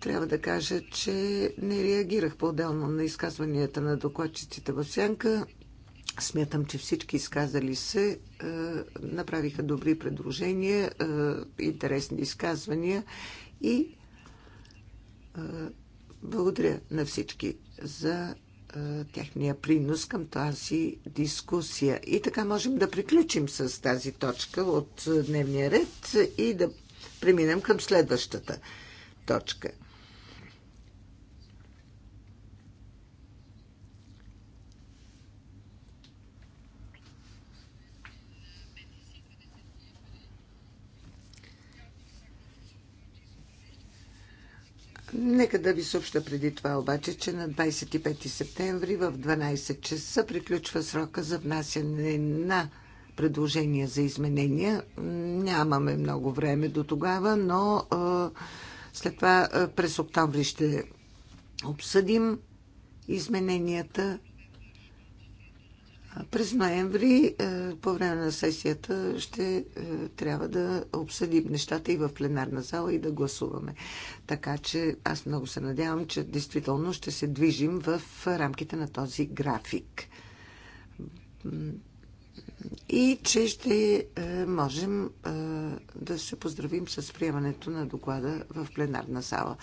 Трябва да кажа, че не реагирах по-отделно на изказванията на докладчиците в Сянка. Смятам, че всички изказали се а, направиха добри предложения, а, интересни изказвания и благодаря на всички за техния принос към тази дискусия. И така можем да приключим с тази точка от дневния ред и да преминем към следващата точка – Нека да ви съобща преди това обаче, че на 25 септември в 12 часа приключва срока за внасяне на предложения за изменения. Нямаме много време до тогава, но след това през октомври ще обсъдим измененията през ноември е, по време на сесията ще е, трябва да обсъдим нещата и в пленарна зала и да гласуваме. Така че аз много се надявам, че действително ще се движим в рамките на този график. И че ще е, можем да се поздравим с приемането на доклада в пленарна зала.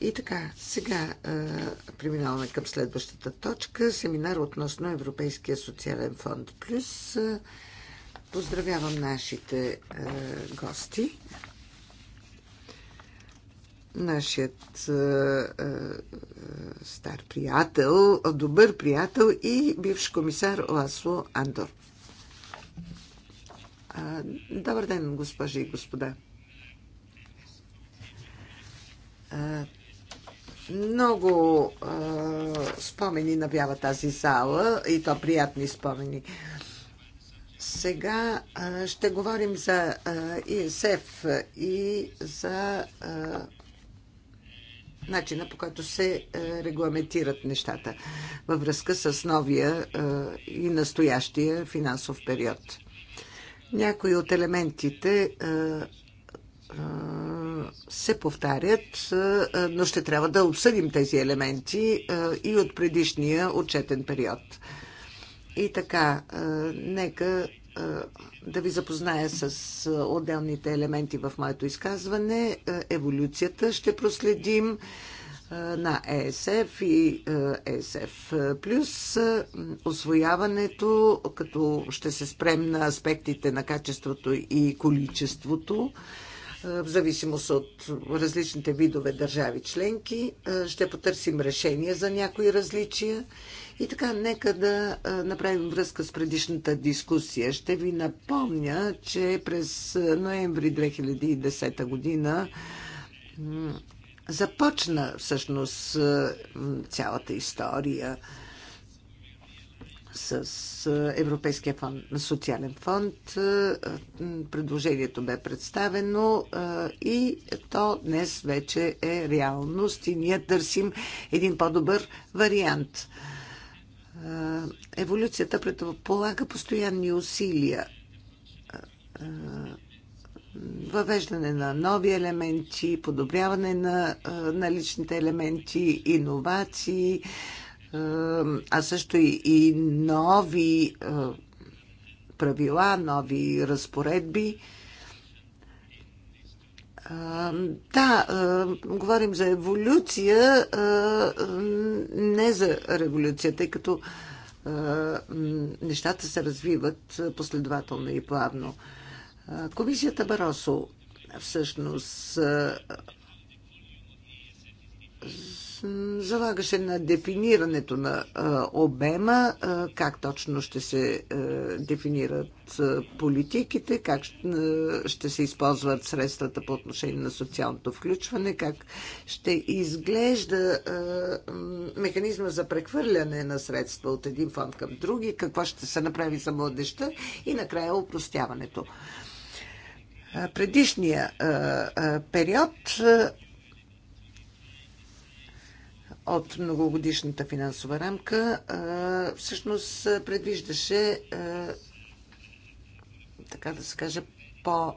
И така, сега а, преминаваме към следващата точка. Семинар относно Европейския социален фонд Плюс. поздравявам нашите а, гости. Нашият а, а, стар приятел, добър приятел и бивш комисар Ласло Андор. А, добър ден, госпожи и господа. Много а, спомени навява тази зала и то приятни спомени. Сега а, ще говорим за а, ИСФ и за а, начина по който се регламентират нещата във връзка с новия и настоящия финансов период. Някои от елементите се повтарят, но ще трябва да обсъдим тези елементи и от предишния отчетен период. И така, нека да ви запозная с отделните елементи в моето изказване. Еволюцията ще проследим на ЕСФ и ЕСФ плюс освояването, като ще се спрем на аспектите на качеството и количеството в зависимост от различните видове държави членки. Ще потърсим решение за някои различия. И така, нека да направим връзка с предишната дискусия. Ще ви напомня, че през ноември 2010 година започна всъщност цялата история – с Европейския фонд, социален фонд. Предложението бе представено и то днес вече е реалност и ние търсим един по-добър вариант. Еволюцията предполага постоянни усилия въвеждане на нови елементи, подобряване на наличните елементи, иновации, а също и, и нови правила, нови разпоредби. Да, говорим за еволюция, не за революция, тъй като нещата се развиват последователно и плавно. Комисията Баросо всъщност залагаше на дефинирането на обема, как точно ще се дефинират политиките, как ще се използват средствата по отношение на социалното включване, как ще изглежда механизма за прехвърляне на средства от един фонд към други, какво ще се направи за младеща и накрая упростяването предишния период от многогодишната финансова рамка всъщност предвиждаше така да се каже по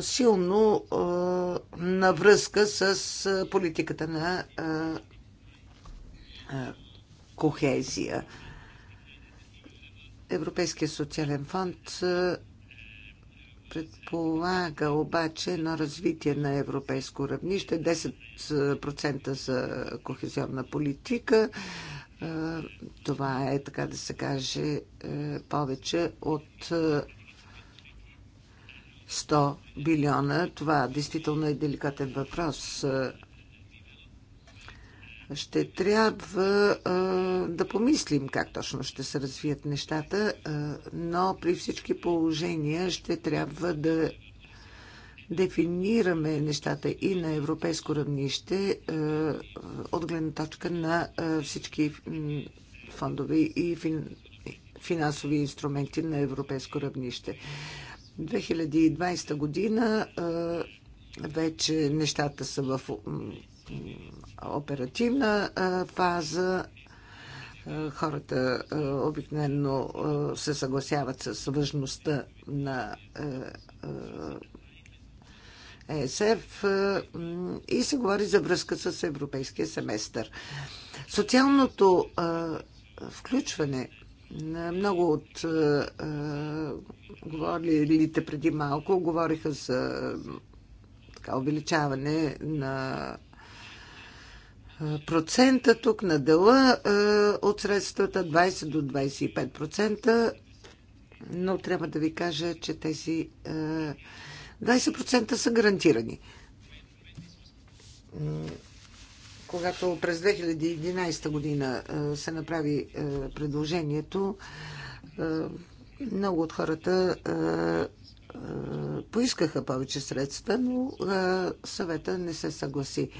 силно на връзка с политиката на кохезия. Европейския социален фонд предполага обаче едно развитие на европейско равнище, 10% за кохезионна политика. Е, това е, така да се каже, е, повече от 100 е, билиона. Това действително е деликатен въпрос ще трябва а, да помислим как точно ще се развият нещата, а, но при всички положения ще трябва да дефинираме нещата и на европейско равнище а, от гледна точка на а, всички фондове и фин, финансови инструменти на европейско равнище. 2020 година а, вече нещата са в оперативна фаза хората обикновено се съгласяват с важността на ЕСФ и се говори за връзка с европейския семестър. Социалното включване на много от говорилите преди малко говориха за така, увеличаване на е, процента тук на дела е, от средствата 20 до 25 процента, но трябва да ви кажа, че тези 20% е, са гарантирани. Когато през 2011 година се направи предложението, много от хората поискаха повече средства, но съвета не се съгласи.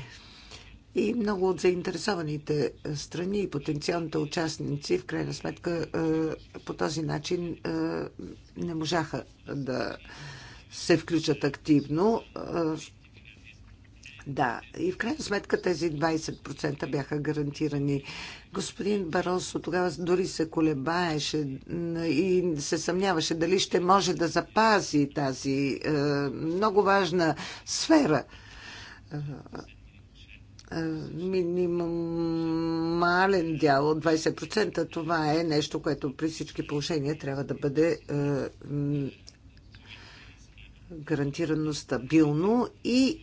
И много от заинтересованите страни и потенциалните участници, в крайна сметка, е, по този начин е, не можаха да се включат активно. Е, да, и в крайна сметка тези 20% бяха гарантирани. Господин Баросо тогава дори се колебаеше и се съмняваше дали ще може да запази тази много важна сфера е, минимален дял от 20%, това е нещо, което при всички положения трябва да бъде е, гарантирано стабилно и е,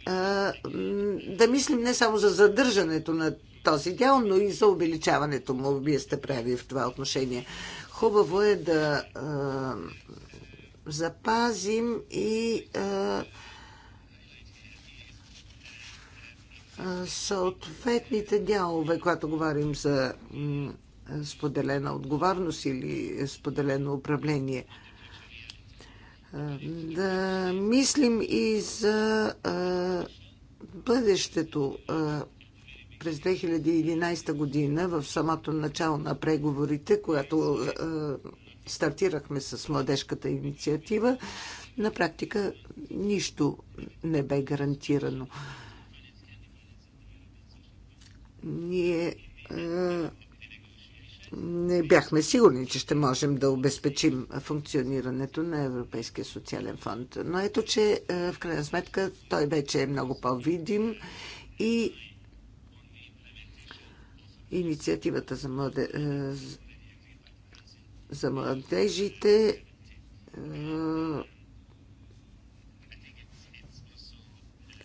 да мислим не само за задържането на този дял, но и за увеличаването му. Вие сте прави в това отношение. Хубаво е да запазим и а, съответните дялове, когато говорим за споделена отговорност или споделено управление. Да мислим и за бъдещето през 2011 година, в самото начало на преговорите, когато стартирахме с младежката инициатива, на практика нищо не бе гарантирано ние не бяхме сигурни, че ще можем да обезпечим функционирането на Европейския социален фонд. Но ето, че в крайна сметка той вече е много по-видим и инициативата за, младе, за младежите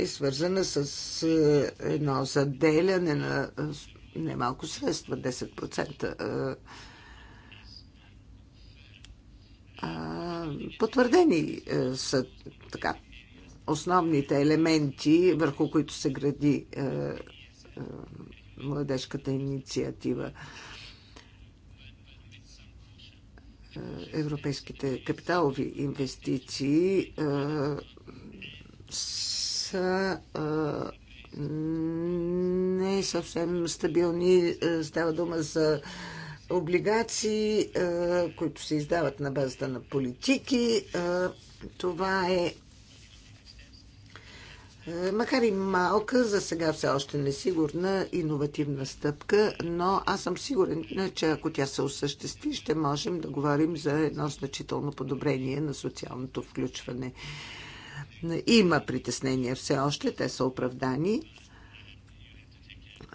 е свързана с е, едно заделяне на е, немалко средства, 10%. Е. Потвърдени са така основните елементи, върху които се гради младежката инициатива. Европейските капиталови инвестиции са не съвсем стабилни. Е, става дума за облигации, които се издават на базата на политики. Това е, е макар и малка, за сега все още несигурна, иновативна стъпка, но аз съм сигурен, че ако тя се осъществи, ще можем да говорим за едно значително подобрение на социалното включване. Има притеснения все още, те са оправдани,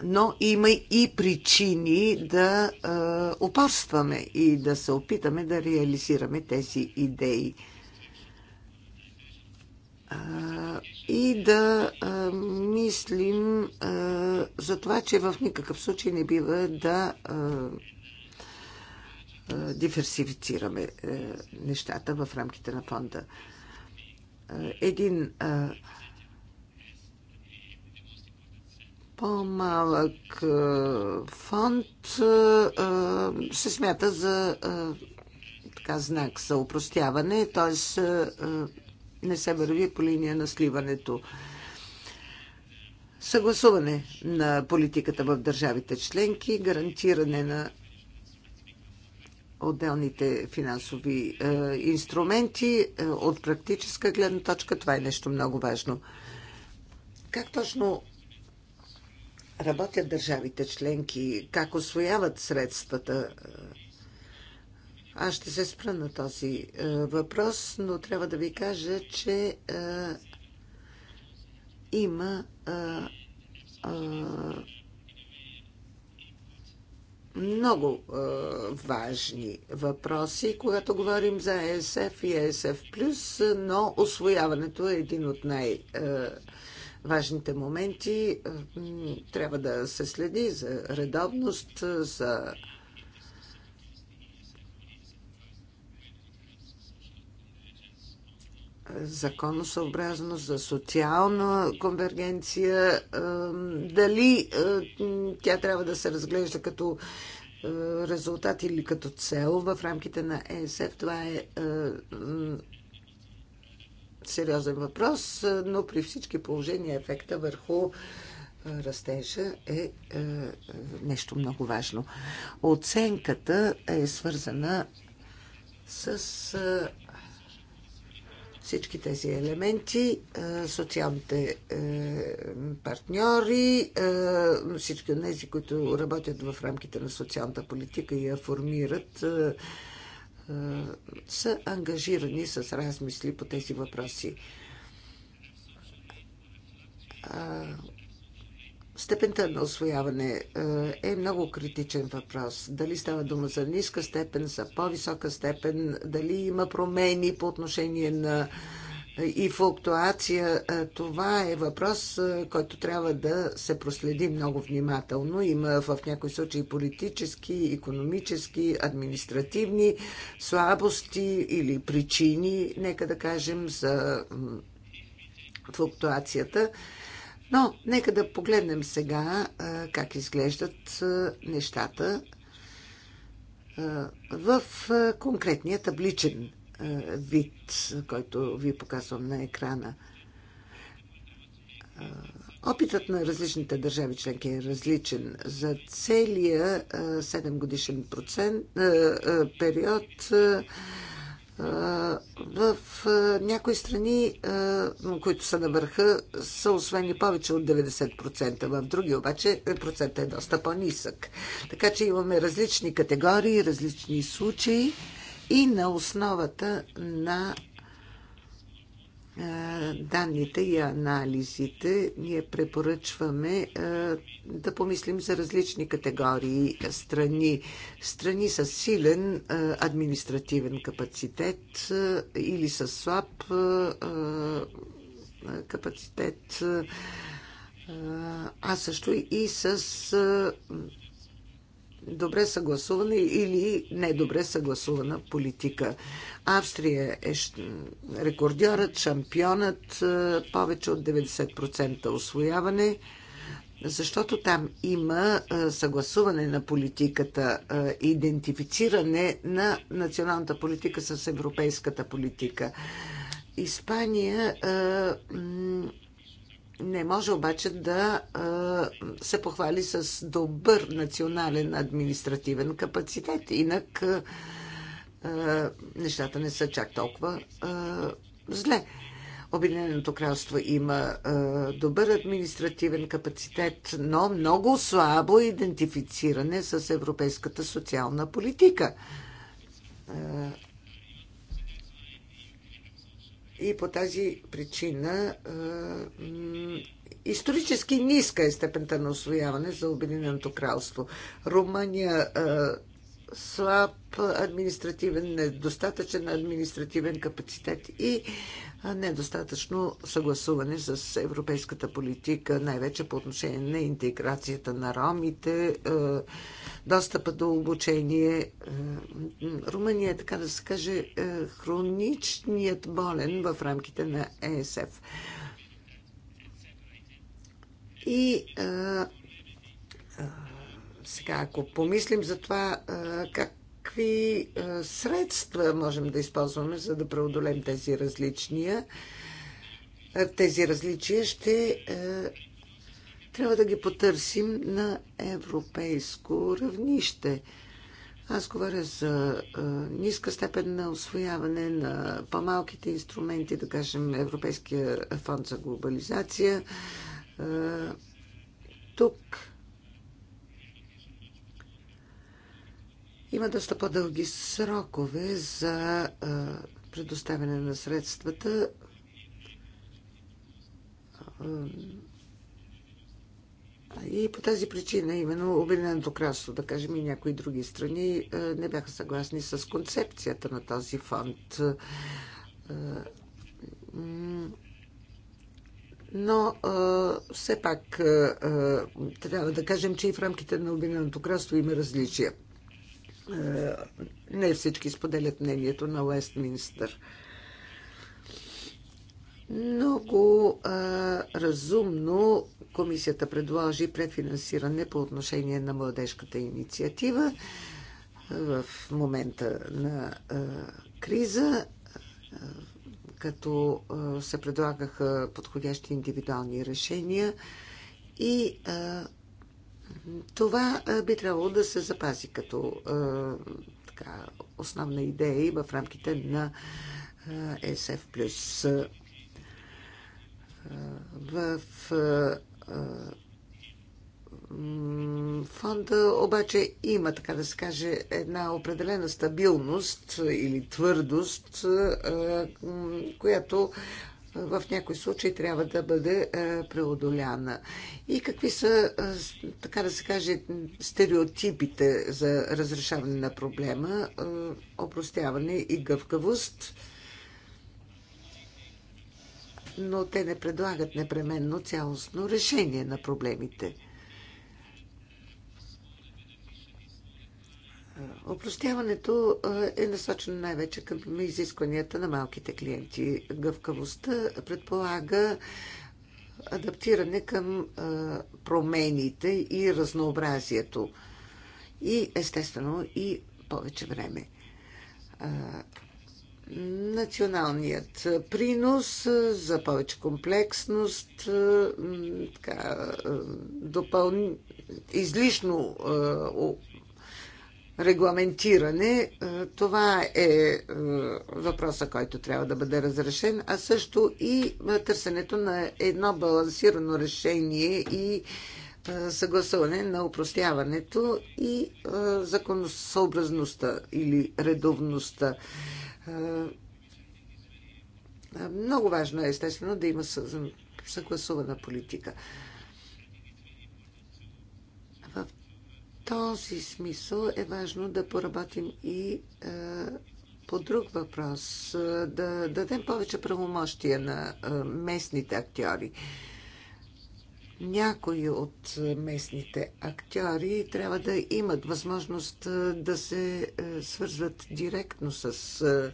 но има и причини да е, упорстваме и да се опитаме да реализираме тези идеи. и да а, мислим а, за това, че в никакъв случай не бива да диверсифицираме е, нещата в рамките на фонда един по-малък фонд се смята за така знак за упростяване, т.е. не се върви по линия на сливането. Съгласуване на политиката в държавите членки, гарантиране на отделните финансови е, инструменти. Е, от практическа гледна точка това е нещо много важно. Как точно работят държавите членки? Как освояват средствата? Е, аз ще се спра на този е, въпрос, но трябва да ви кажа, че е, има. Е, е много е, важни въпроси, когато говорим за ЕСФ и ЕСФ+, но освояването е един от най- Важните моменти трябва да се следи за редовност, за законосъобразност, за социална конвергенция, е, дали е, тя трябва да се разглежда като е, резултат или като цел в рамките на ЕСФ. Това е сериозен въпрос, но при всички положения ефекта върху растежа е, нещо много важно. Оценката е свързана с всички тези елементи, е, социалните е, партньори, е, всички от тези, които работят в рамките на социалната политика и я формират, са ангажирани с размисли по тези въпроси Степента на освояване е, е много критичен въпрос. Дали става дума за ниска степен, за по-висока степен, дали има промени по отношение на е, и флуктуация. Е, това е въпрос, който трябва да се проследи много внимателно. Има в някои случаи политически, економически, административни слабости или причини, нека да кажем, за флуктуацията. Но нека да погледнем сега как изглеждат нещата в конкретния табличен вид, който ви показвам на екрана. Опитът на различните държави членки е различен. За целия 7 годишен процент, период в някои страни, които са на върха, са освоени повече от 90%, в други обаче процентът е доста по-нисък. Така че имаме различни категории, различни случаи и на основата на е, данните и анализите, ние препоръчваме е, да помислим за различни категории страни. Страни с силен е, административен капацитет или с слаб капацитет, а също и с добре съгласувана или недобре съгласувана политика. Австрия е рекордьорът, шампионът, повече от 90% освояване защото там има съгласуване на политиката, идентифициране на националната политика с европейската политика. Испания не може обаче да се похвали с добър национален административен капацитет. Инак нещата не са чак толкова зле. Обединеното кралство има а, добър административен капацитет, но много слабо идентифициране с европейската социална политика. И по тази причина исторически ниска е степента на освояване за Обединеното кралство. Румъния слаб административен, недостатъчен административен капацитет и недостатъчно съгласуване с европейската политика, най-вече по отношение на интеграцията на ромите, достъпа до обучение. Румъния е, така да се каже, хроничният болен в рамките на ЕСФ. И сега, ако помислим за това как какви средства можем да използваме, за да преодолем тези различния. Тези различия ще трябва да ги потърсим на европейско равнище. Аз говоря за а, ниска степен на освояване на по-малките инструменти, да кажем Европейския фонд за глобализация. А, тук Има доста по-дълги срокове за предоставяне на средствата. И по тази причина, именно Обединеното кралство, да кажем и някои други страни, не бяха съгласни с концепцията на този фонд. Но все пак трябва да кажем, че и в рамките на Обединеното кралство има различия е, не всички споделят мнението на Уестминстър. Много а, разумно комисията предложи префинансиране по отношение на младежката инициатива в момента на а, криза, а, като а, се предлагаха подходящи индивидуални решения и а, това би трябвало да се запази като така, основна идея и в рамките на SF+. В фонда обаче има, така да се каже, една определена стабилност или твърдост, която в някой случай трябва да бъде е, преодоляна. И какви са, е, така да се каже, стереотипите за разрешаване на проблема, е, опростяване и гъвкавост? Но те не предлагат непременно цялостно решение на проблемите – Опростяването е насочено най-вече към изискванията на малките клиенти. Гъвкавостта предполага адаптиране към промените и разнообразието. И естествено и повече време. Националният принос за повече комплексност, така, допълн... излишно регламентиране. Е, това е, е въпроса, който трябва да бъде разрешен, а също и е, търсенето на едно балансирано решение и съгласуване на упростяването и законосъобразността или редовността. Много важно е, естествено, да има съгласувана политика. този смисъл е важно да поработим и е, по друг въпрос, е, да дадем повече правомощия на е, местните актьори някои от местните актьори трябва да имат възможност да се свързват директно с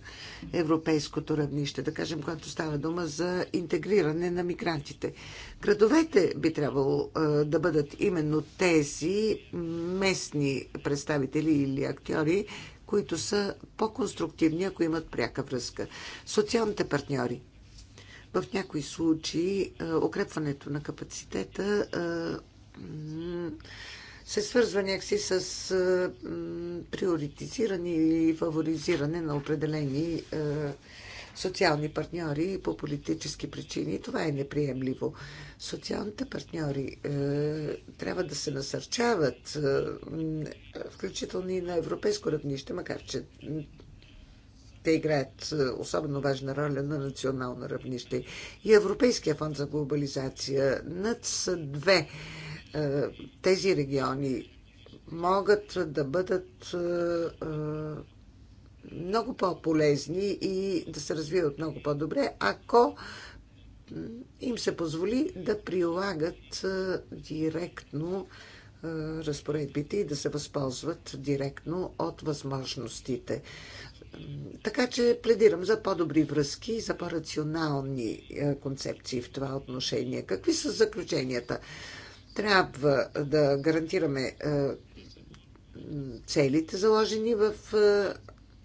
европейското равнище, да кажем, когато става дума за интегриране на мигрантите. Градовете би трябвало да бъдат именно тези местни представители или актьори, които са по-конструктивни, ако имат пряка връзка. Социалните партньори в някои случаи укрепването на капацитета се свързва някакси с приоритизиране и фаворизиране на определени социални партньори по политически причини. Това е неприемливо. Социалните партньори е, трябва да се насърчават, е, включително и на европейско равнище, макар че те играят е, особено важна роля на национално равнище. И Европейския фонд за глобализация, НЦ-2, е, тези региони могат да бъдат е, много по-полезни и да се развиват много по-добре, ако им се позволи да прилагат директно разпоредбите и да се възползват директно от възможностите така че пледирам за по-добри връзки и за по-рационални е, концепции в това отношение. Какви са заключенията? Трябва да гарантираме е, целите заложени в е,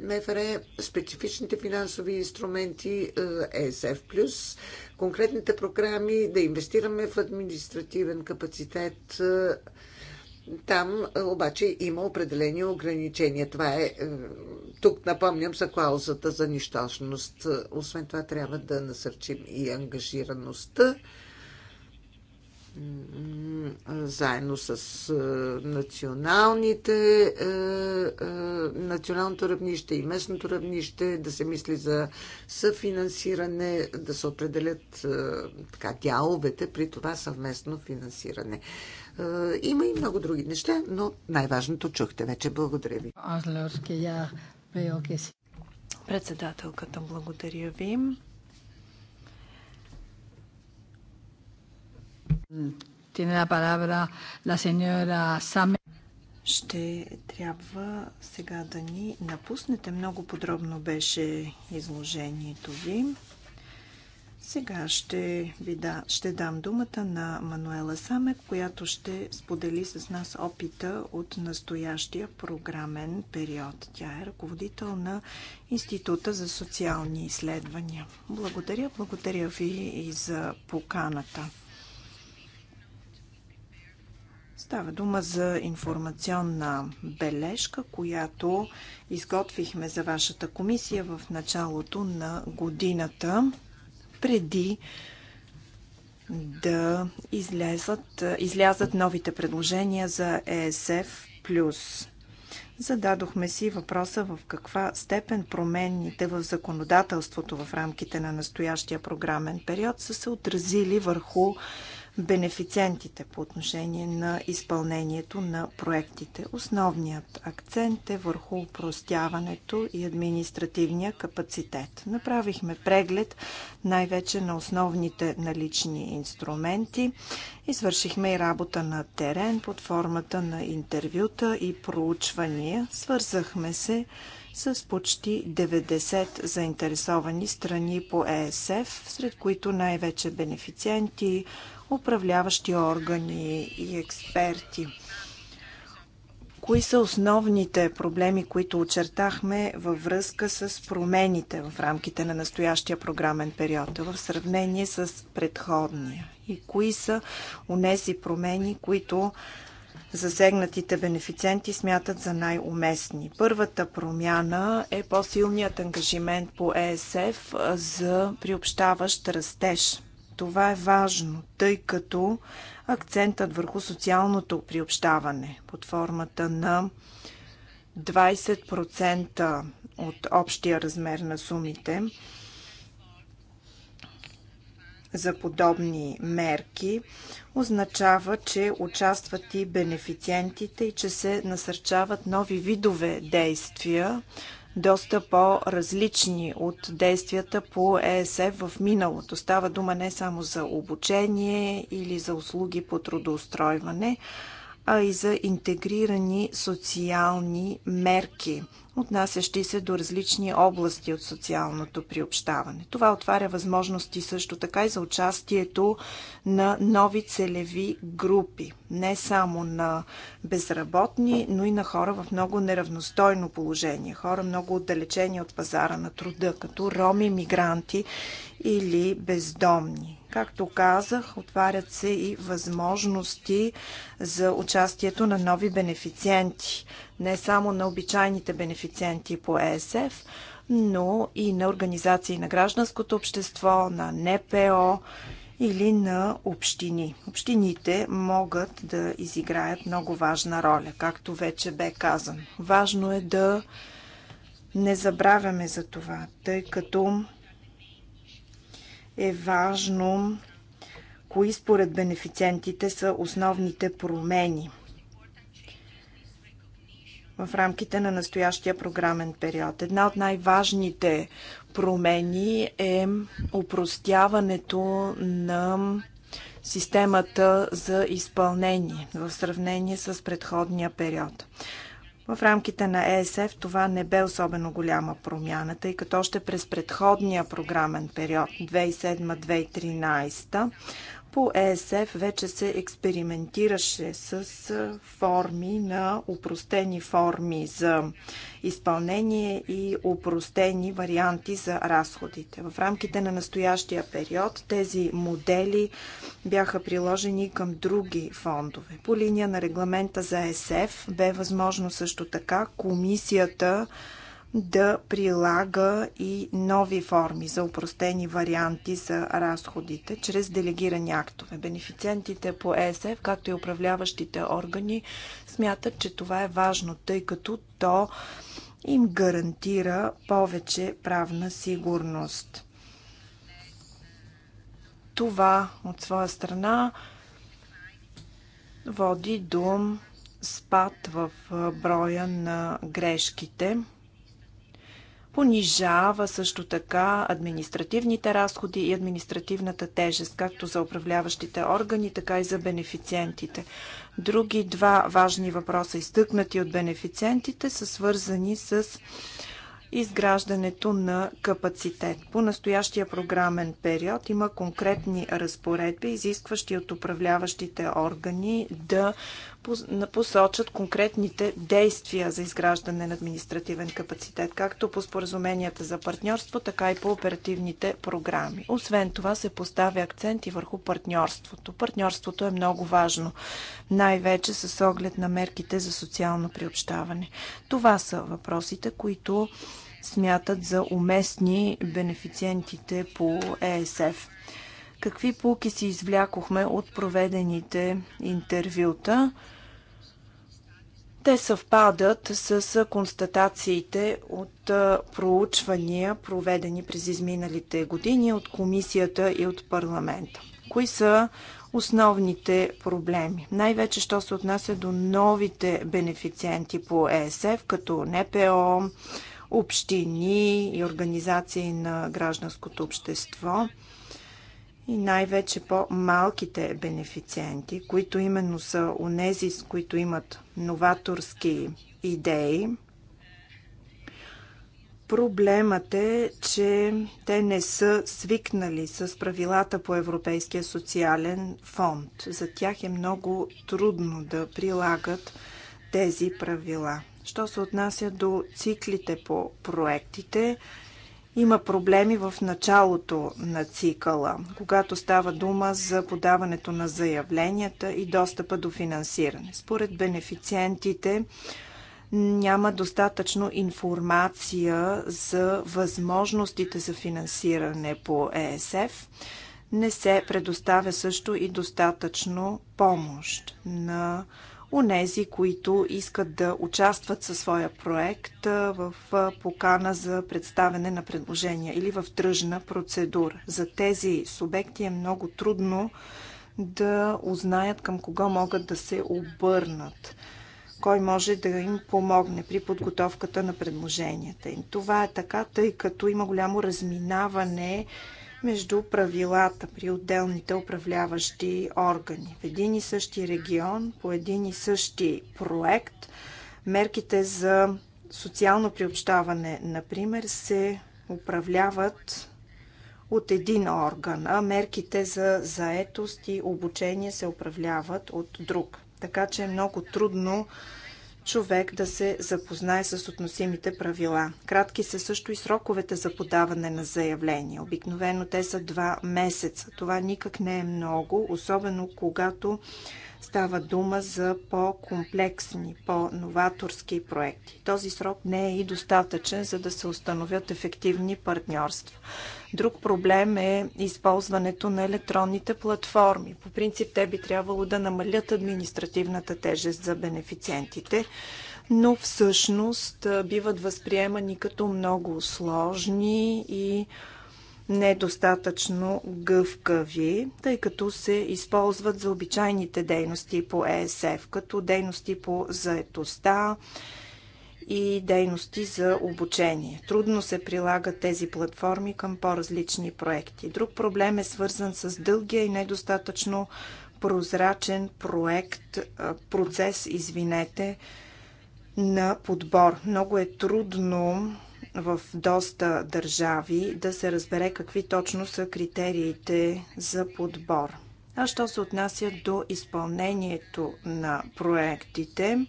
МФР, специфичните финансови инструменти ESF+, конкретните програми, да инвестираме в административен капацитет, там е, обаче има определени ограничения. Това е, е. Тук напомням за клаузата за нищожност. Освен това трябва да насърчим и ангажираността заедно с е, националните, националното равнище и местното равнище, да се мисли за съфинансиране, да се определят така, дяловете при това съвместно финансиране. Е, има и много други неща, но най-важното чухте вече. Благодаря ви. Председателката, благодаря ви. Tiene на парабра la сеньора Саме. Ще трябва сега да ни напуснете. Много подробно беше изложението ви. Сега ще, ви да, ще дам думата на Мануела Самек, която ще сподели с нас опита от настоящия програмен период. Тя е ръководител на Института за социални изследвания. Благодаря, благодаря ви и за поканата. Става дума за информационна бележка, която изготвихме за вашата комисия в началото на годината преди да излязат, излязат новите предложения за ESF+. Зададохме си въпроса в каква степен промените в законодателството в рамките на настоящия програмен период са се отразили върху бенефициентите по отношение на изпълнението на проектите. Основният акцент е върху упростяването и административния капацитет. Направихме преглед най-вече на основните налични инструменти. Извършихме и работа на терен под формата на интервюта и проучвания. Свързахме се с почти 90 заинтересовани страни по ЕСФ, сред които най-вече бенефициенти, управляващи органи и експерти. Кои са основните проблеми, които очертахме във връзка с промените в рамките на настоящия програмен период в сравнение с предходния? И кои са унеси промени, които засегнатите бенефициенти смятат за най-уместни. Първата промяна е по-силният ангажимент по ЕСФ за приобщаващ растеж. Това е важно, тъй като акцентът върху социалното приобщаване под формата на 20% от общия размер на сумите за подобни мерки означава, че участват и бенефициентите и че се насърчават нови видове действия, доста по-различни от действията по ЕСФ в миналото. Става дума не само за обучение или за услуги по трудоустройване, а и за интегрирани социални мерки, отнасящи се до различни области от социалното приобщаване. Това отваря възможности също така и за участието на нови целеви групи, не само на безработни, но и на хора в много неравностойно положение, хора много отдалечени от пазара на труда, като роми, мигранти или бездомни. Както казах, отварят се и възможности за участието на нови бенефициенти. Не само на обичайните бенефициенти по ЕСФ, но и на организации на гражданското общество, на НПО или на общини. Общините могат да изиграят много важна роля, както вече бе казано. Важно е да не забравяме за това, тъй като е важно кои според бенефициентите са основните промени в рамките на настоящия програмен период. Една от най-важните промени е упростяването на системата за изпълнение в сравнение с предходния период. В рамките на ЕСФ това не бе особено голяма промяна, тъй като още през предходния програмен период 2007-2013 по ЕСФ вече се експериментираше с форми на упростени форми за изпълнение и упростени варианти за разходите. В рамките на настоящия период тези модели бяха приложени към други фондове. По линия на регламента за ЕСФ бе възможно също така комисията да прилага и нови форми за упростени варианти за разходите чрез делегирани актове. Бенефициентите по ЕСФ, както и управляващите органи, смятат, че това е важно, тъй като то им гарантира повече правна сигурност. Това от своя страна води до спад в броя на грешките – понижава също така административните разходи и административната тежест, както за управляващите органи, така и за бенефициентите. Други два важни въпроса, изтъкнати от бенефициентите, са свързани с изграждането на капацитет. По настоящия програмен период има конкретни разпоредби, изискващи от управляващите органи да посочат конкретните действия за изграждане на административен капацитет, както по споразуменията за партньорство, така и по оперативните програми. Освен това се поставя акцент и върху партньорството. Партньорството е много важно, най-вече с оглед на мерките за социално приобщаване. Това са въпросите, които смятат за уместни бенефициентите по ЕСФ какви полки си извлякохме от проведените интервюта. Те съвпадат с констатациите от проучвания, проведени през изминалите години от комисията и от парламента. Кои са основните проблеми. Най-вече, що се отнася до новите бенефициенти по ЕСФ, като НПО, общини и организации на гражданското общество и най-вече по-малките бенефициенти, които именно са онези, с които имат новаторски идеи. Проблемът е, че те не са свикнали с правилата по Европейския социален фонд. За тях е много трудно да прилагат тези правила. Що се отнася до циклите по проектите, има проблеми в началото на цикъла, когато става дума за подаването на заявленията и достъпа до финансиране. Според бенефициентите няма достатъчно информация за възможностите за финансиране по ЕСФ. Не се предоставя също и достатъчно помощ на онези, които искат да участват със своя проект в покана за представяне на предложения или в тръжна процедура. За тези субекти е много трудно да узнаят към кого могат да се обърнат кой може да им помогне при подготовката на предложенията им. Това е така, тъй като има голямо разминаване между правилата при отделните управляващи органи. В един и същи регион, по един и същи проект, мерките за социално приобщаване, например, се управляват от един орган, а мерките за заетост и обучение се управляват от друг. Така че е много трудно човек да се запознае с относимите правила. Кратки са също и сроковете за подаване на заявление. Обикновено те са два месеца. Това никак не е много, особено когато Става дума за по-комплексни, по-новаторски проекти. Този срок не е и достатъчен, за да се установят ефективни партньорства. Друг проблем е използването на електронните платформи. По принцип те би трябвало да намалят административната тежест за бенефициентите, но всъщност биват възприемани като много сложни и недостатъчно гъвкави, тъй като се използват за обичайните дейности по ЕСФ, като дейности по заетостта и дейности за обучение. Трудно се прилагат тези платформи към по-различни проекти. Друг проблем е свързан с дългия и недостатъчно прозрачен проект, процес, извинете, на подбор. Много е трудно в доста държави да се разбере какви точно са критериите за подбор. А що се отнася до изпълнението на проектите,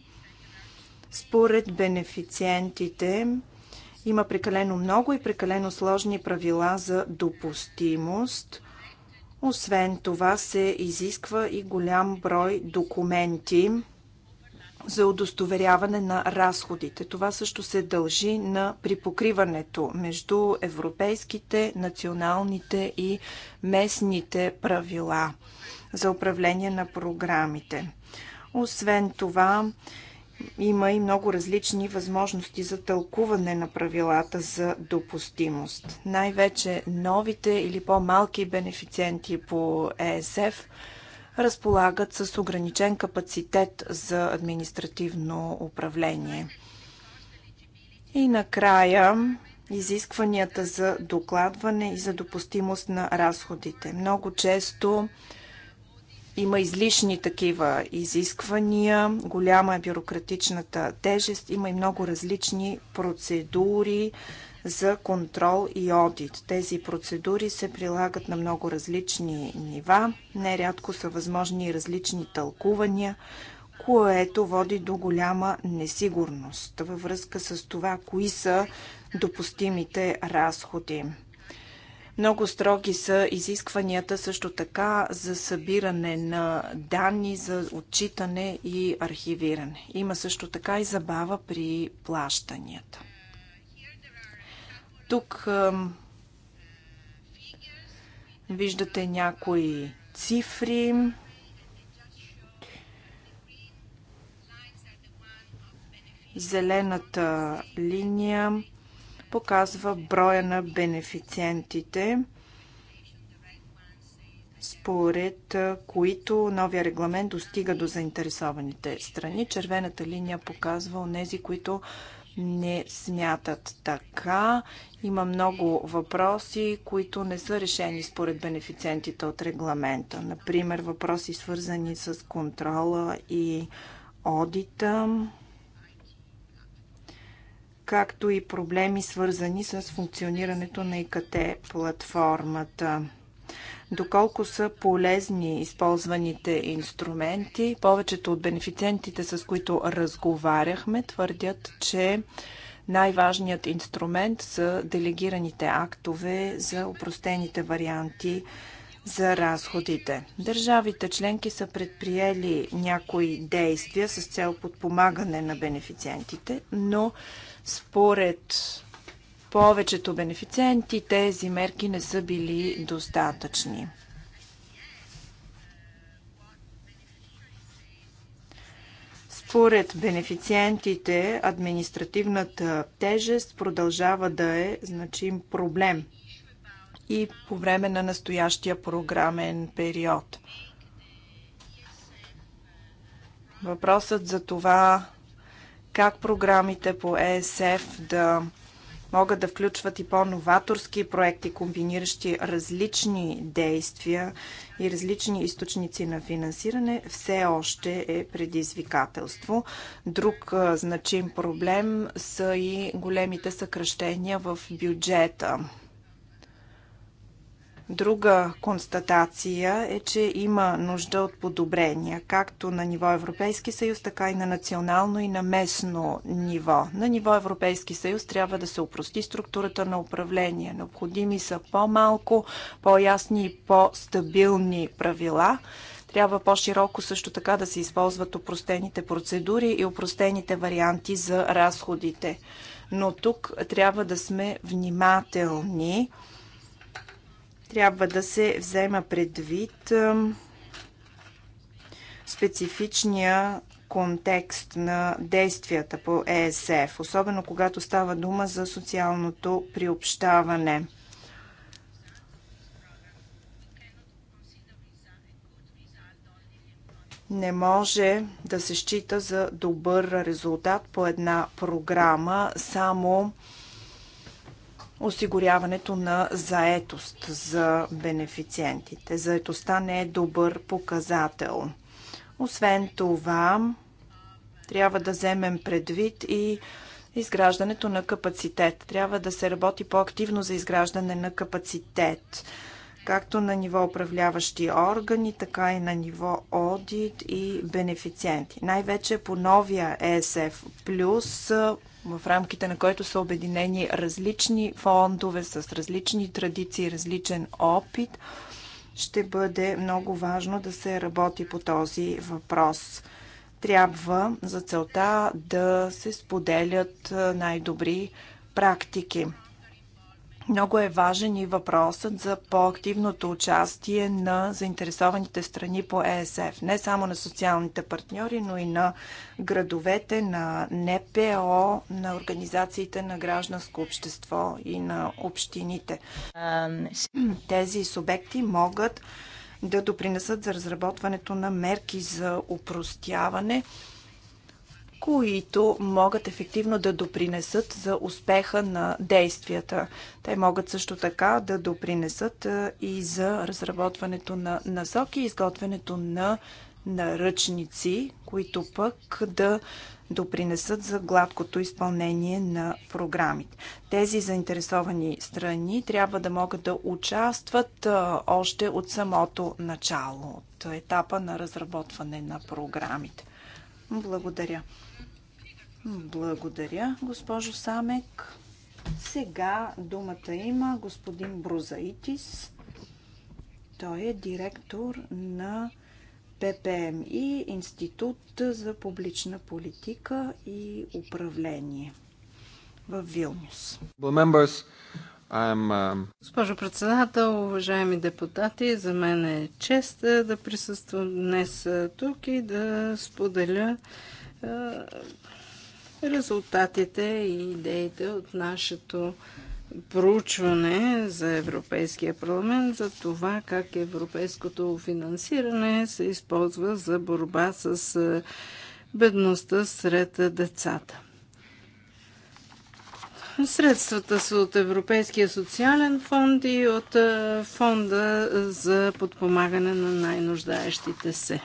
според бенефициентите има прекалено много и прекалено сложни правила за допустимост. Освен това се изисква и голям брой документи, за удостоверяване на разходите. Това също се дължи на припокриването между европейските, националните и местните правила за управление на програмите. Освен това, има и много различни възможности за тълкуване на правилата за допустимост. Най-вече новите или по-малки бенефициенти по ЕСФ – разполагат с ограничен капацитет за административно управление. И накрая изискванията за докладване и за допустимост на разходите. Много често има излишни такива изисквания, голяма е бюрократичната тежест, има и много различни процедури за контрол и одит. Тези процедури се прилагат на много различни нива. Нерядко са възможни различни тълкувания, което води до голяма несигурност във връзка с това, кои са допустимите разходи. Много строги са изискванията също така за събиране на данни, за отчитане и архивиране. Има също така и забава при плащанията. Тук виждате някои цифри. Зелената линия показва броя на бенефициентите, според които новия регламент достига до заинтересованите страни. Червената линия показва онези, които не смятат така. Има много въпроси, които не са решени според бенефициентите от регламента. Например, въпроси свързани с контрола и одита, както и проблеми свързани с функционирането на ИКТ платформата доколко са полезни използваните инструменти. Повечето от бенефициентите, с които разговаряхме, твърдят, че най-важният инструмент са делегираните актове за упростените варианти за разходите. Държавите членки са предприели някои действия с цел подпомагане на бенефициентите, но според повечето бенефициенти тези мерки не са били достатъчни. Според бенефициентите, административната тежест продължава да е значим проблем и по време на настоящия програмен период. Въпросът за това как програмите по ЕСФ да могат да включват и по-новаторски проекти, комбиниращи различни действия и различни източници на финансиране, все още е предизвикателство. Друг значим проблем са и големите съкръщения в бюджета. Друга констатация е, че има нужда от подобрения, както на ниво Европейски съюз, така и на национално и на местно ниво. На ниво Европейски съюз трябва да се упрости структурата на управление. Необходими са по-малко, по-ясни и по-стабилни правила. Трябва по-широко също така да се използват упростените процедури и упростените варианти за разходите. Но тук трябва да сме внимателни трябва да се взема предвид специфичния контекст на действията по ЕСФ, особено когато става дума за социалното приобщаване. не може да се счита за добър резултат по една програма само осигуряването на заетост за бенефициентите. Заетостта не е добър показател. Освен това, трябва да вземем предвид и изграждането на капацитет. Трябва да се работи по-активно за изграждане на капацитет както на ниво управляващи органи, така и на ниво одит и бенефициенти. Най-вече по новия ESF е плюс в рамките на който са обединени различни фондове с различни традиции, различен опит, ще бъде много важно да се работи по този въпрос. Трябва за целта да се споделят най-добри практики. Много е важен и въпросът за по-активното участие на заинтересованите страни по ЕСФ. Не само на социалните партньори, но и на градовете, на НПО, на организациите на гражданско общество и на общините. Тези субекти могат да допринесат за разработването на мерки за упростяване които могат ефективно да допринесат за успеха на действията. Те могат също така да допринесат и за разработването на насоки, изготвянето на наръчници, които пък да допринесат за гладкото изпълнение на програмите. Тези заинтересовани страни трябва да могат да участват още от самото начало, от етапа на разработване на програмите. Благодаря. Благодаря, госпожо Самек. Сега думата има господин Брузаитис. Той е директор на ППМИ, Институт за публична политика и управление в Вилнюс. Uh, госпожо председател, уважаеми депутати, за мен е чест е, да присъствам днес е, тук и да споделя е, резултатите и идеите от нашето проучване за Европейския парламент за това как европейското финансиране се използва за борба с е, бедността сред децата. Средствата са от Европейския социален фонд и от е, фонда за подпомагане на най-нуждаещите се.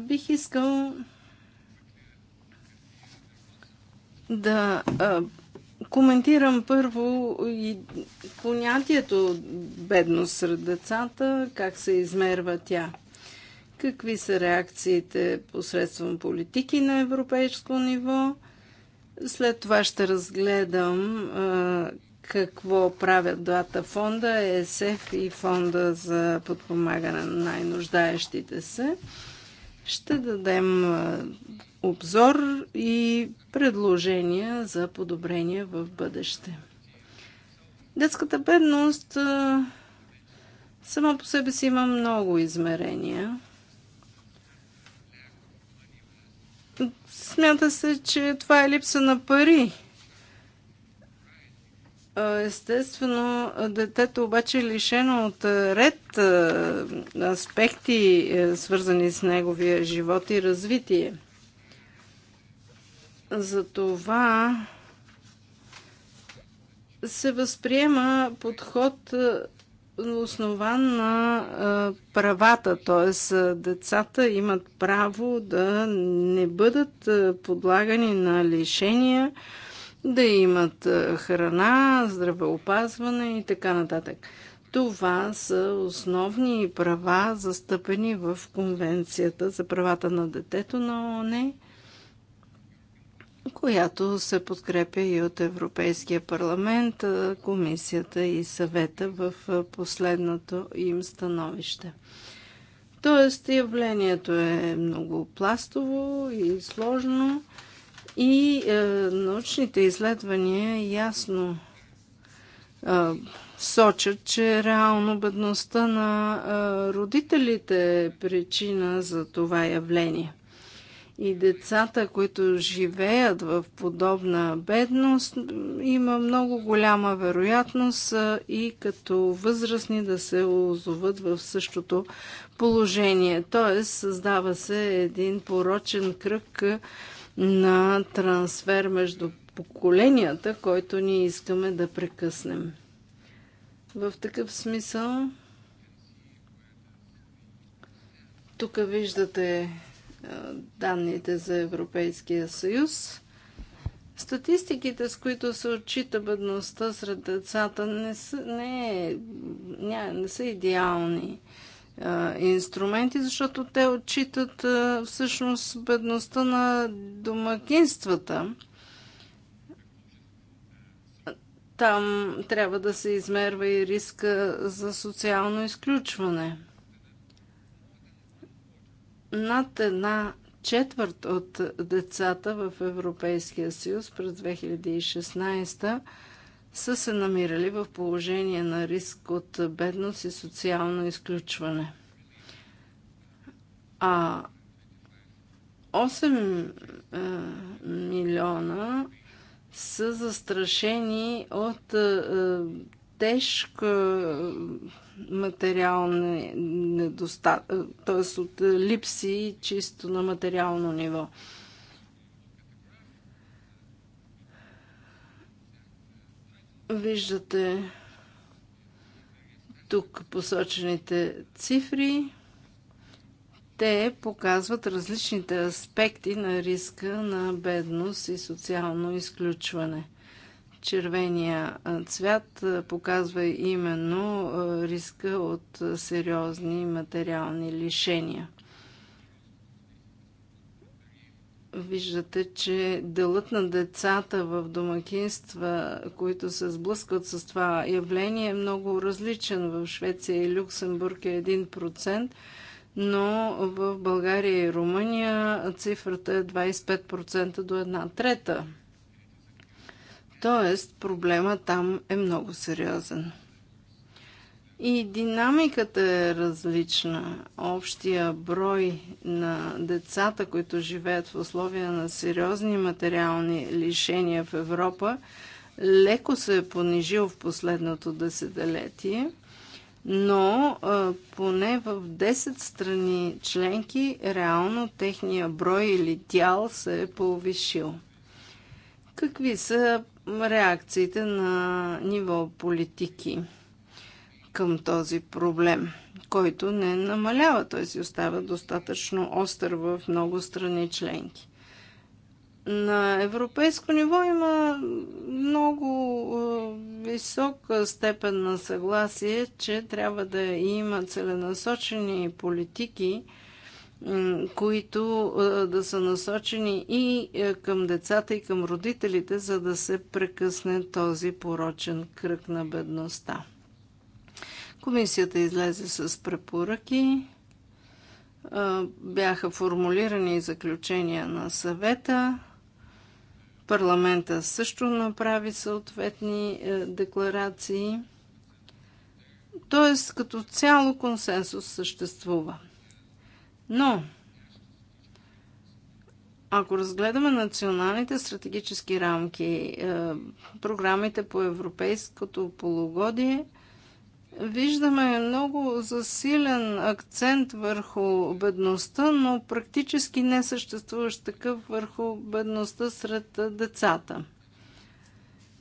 Бих искал да а, коментирам първо и понятието бедност сред децата, как се измерва тя. Какви са реакциите посредством политики на европейско ниво? След това ще разгледам а, какво правят двата фонда, ЕСФ и фонда за подпомагане на най-нуждаещите се. А, ще дадем обзор и предложения за подобрения в бъдеще. Детската бедност сама по себе си има много измерения. Смята се, че това е липса на пари Естествено, детето обаче е лишено от ред аспекти, е, свързани с неговия живот и развитие. Затова се възприема подход основан на правата, т.е. децата имат право да не бъдат подлагани на лишения, да имат е, храна, здравеопазване и така нататък. Това са основни права, застъпени в Конвенцията за правата на детето на ОНЕ, която се подкрепя и от Европейския парламент, е, комисията и съвета в е, последното им становище. Тоест явлението е много пластово и сложно. И е, научните изследвания ясно е, сочат, че реално бедността на е, родителите е причина за това явление. И децата, които живеят в подобна бедност, има много голяма вероятност е, и като възрастни да се озоват в същото положение. Тоест, създава се един порочен кръг на трансфер между поколенията, който ние искаме да прекъснем. В такъв смисъл, тук виждате е, данните за Европейския съюз. Статистиките, с които се отчита бедността сред децата, не са, не, не, не са идеални инструменти, защото те отчитат всъщност бедността на домакинствата. Там трябва да се измерва и риска за социално изключване. Над една четвърт от децата в Европейския съюз през 2016 са се намирали в положение на риск от бедност и социално изключване. А 8 е, милиона са застрашени от е, тежка е, материална недостатък, е, т.е. от липси чисто на материално ниво. Виждате тук посочените цифри. Те показват различните аспекти на риска на бедност и социално изключване. Червения цвят показва именно риска от сериозни материални лишения. Виждате, че делът на децата в домакинства, които се сблъскват с това явление, е много различен. В Швеция и Люксембург е 1%, но в България и Румъния цифрата е 25% до една трета. Тоест, проблема там е много сериозен. И динамиката е различна. Общия брой на децата, които живеят в условия на сериозни материални лишения в Европа, леко се е понижил в последното десетилетие, но а, поне в 10 страни членки реално техния брой или дял се е повишил. Какви са реакциите на ниво политики? към този проблем, който не намалява, той си остава достатъчно остър в много страни членки. На европейско ниво има много е, висока степен на съгласие, че трябва да има целенасочени политики, които е, да са насочени и е, към децата, и към родителите, за да се прекъсне този порочен кръг на бедността. Комисията излезе с препоръки. Бяха формулирани заключения на съвета. Парламента също направи съответни е, декларации. Тоест, като цяло консенсус съществува. Но, ако разгледаме националните стратегически рамки, е, програмите по европейското полугодие – Виждаме много засилен акцент върху бедността, но практически не съществуващ такъв върху бедността сред децата.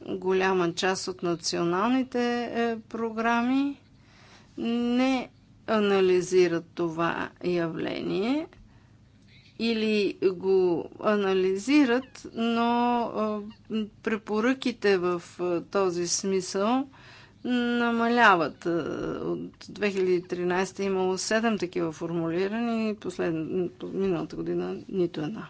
Голяма част от националните е, програми не анализират това явление или го анализират, но е, препоръките в е, този смисъл – намаляват. Е, от 2013 е имало 7 такива формулирани, последно, миналата година нито една.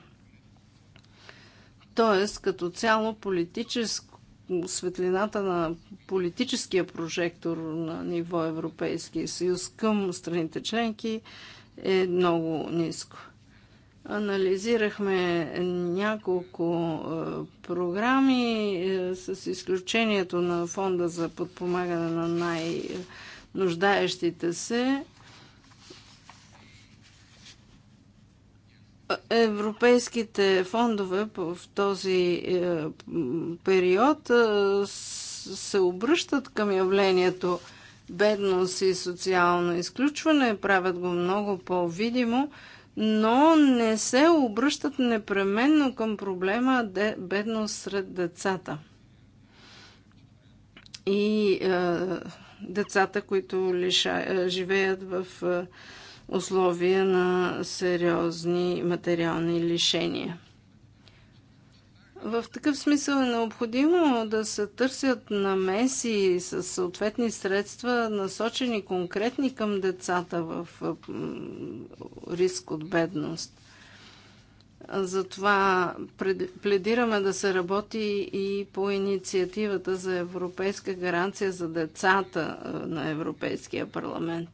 Тоест, като цяло политическо, светлината на политическия прожектор на ниво Европейския съюз към страните членки е много ниско анализирахме няколко е, програми, е, с изключението на фонда за подпомагане на най-нуждаещите се. Европейските фондове в този е, период се обръщат към явлението бедност и социално изключване, правят го много по-видимо но не се обръщат непременно към проблема де, бедност сред децата. И е, децата, които лиша, е, живеят в е, условия на сериозни материални лишения. В такъв смисъл е необходимо да се търсят намеси с съответни средства, насочени конкретни към децата в риск от бедност. Затова пледираме да се работи и по инициативата за Европейска гаранция за децата е, на Европейския парламент.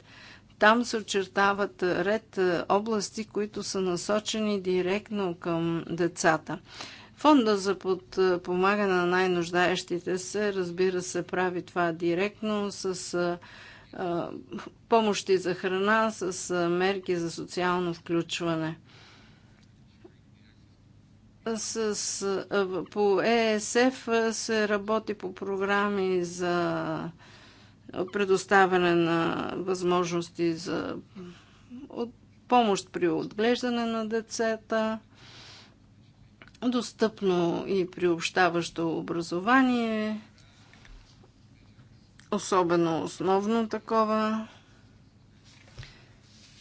Там се очертават ред е, области, които са насочени директно към децата. Фонда за подпомагане на най-нуждаещите се, разбира се, прави това директно с помощи за храна, с мерки за социално включване. С, по ЕСФ се работи по програми за предоставяне на възможности за помощ при отглеждане на децата достъпно и приобщаващо образование, особено основно такова.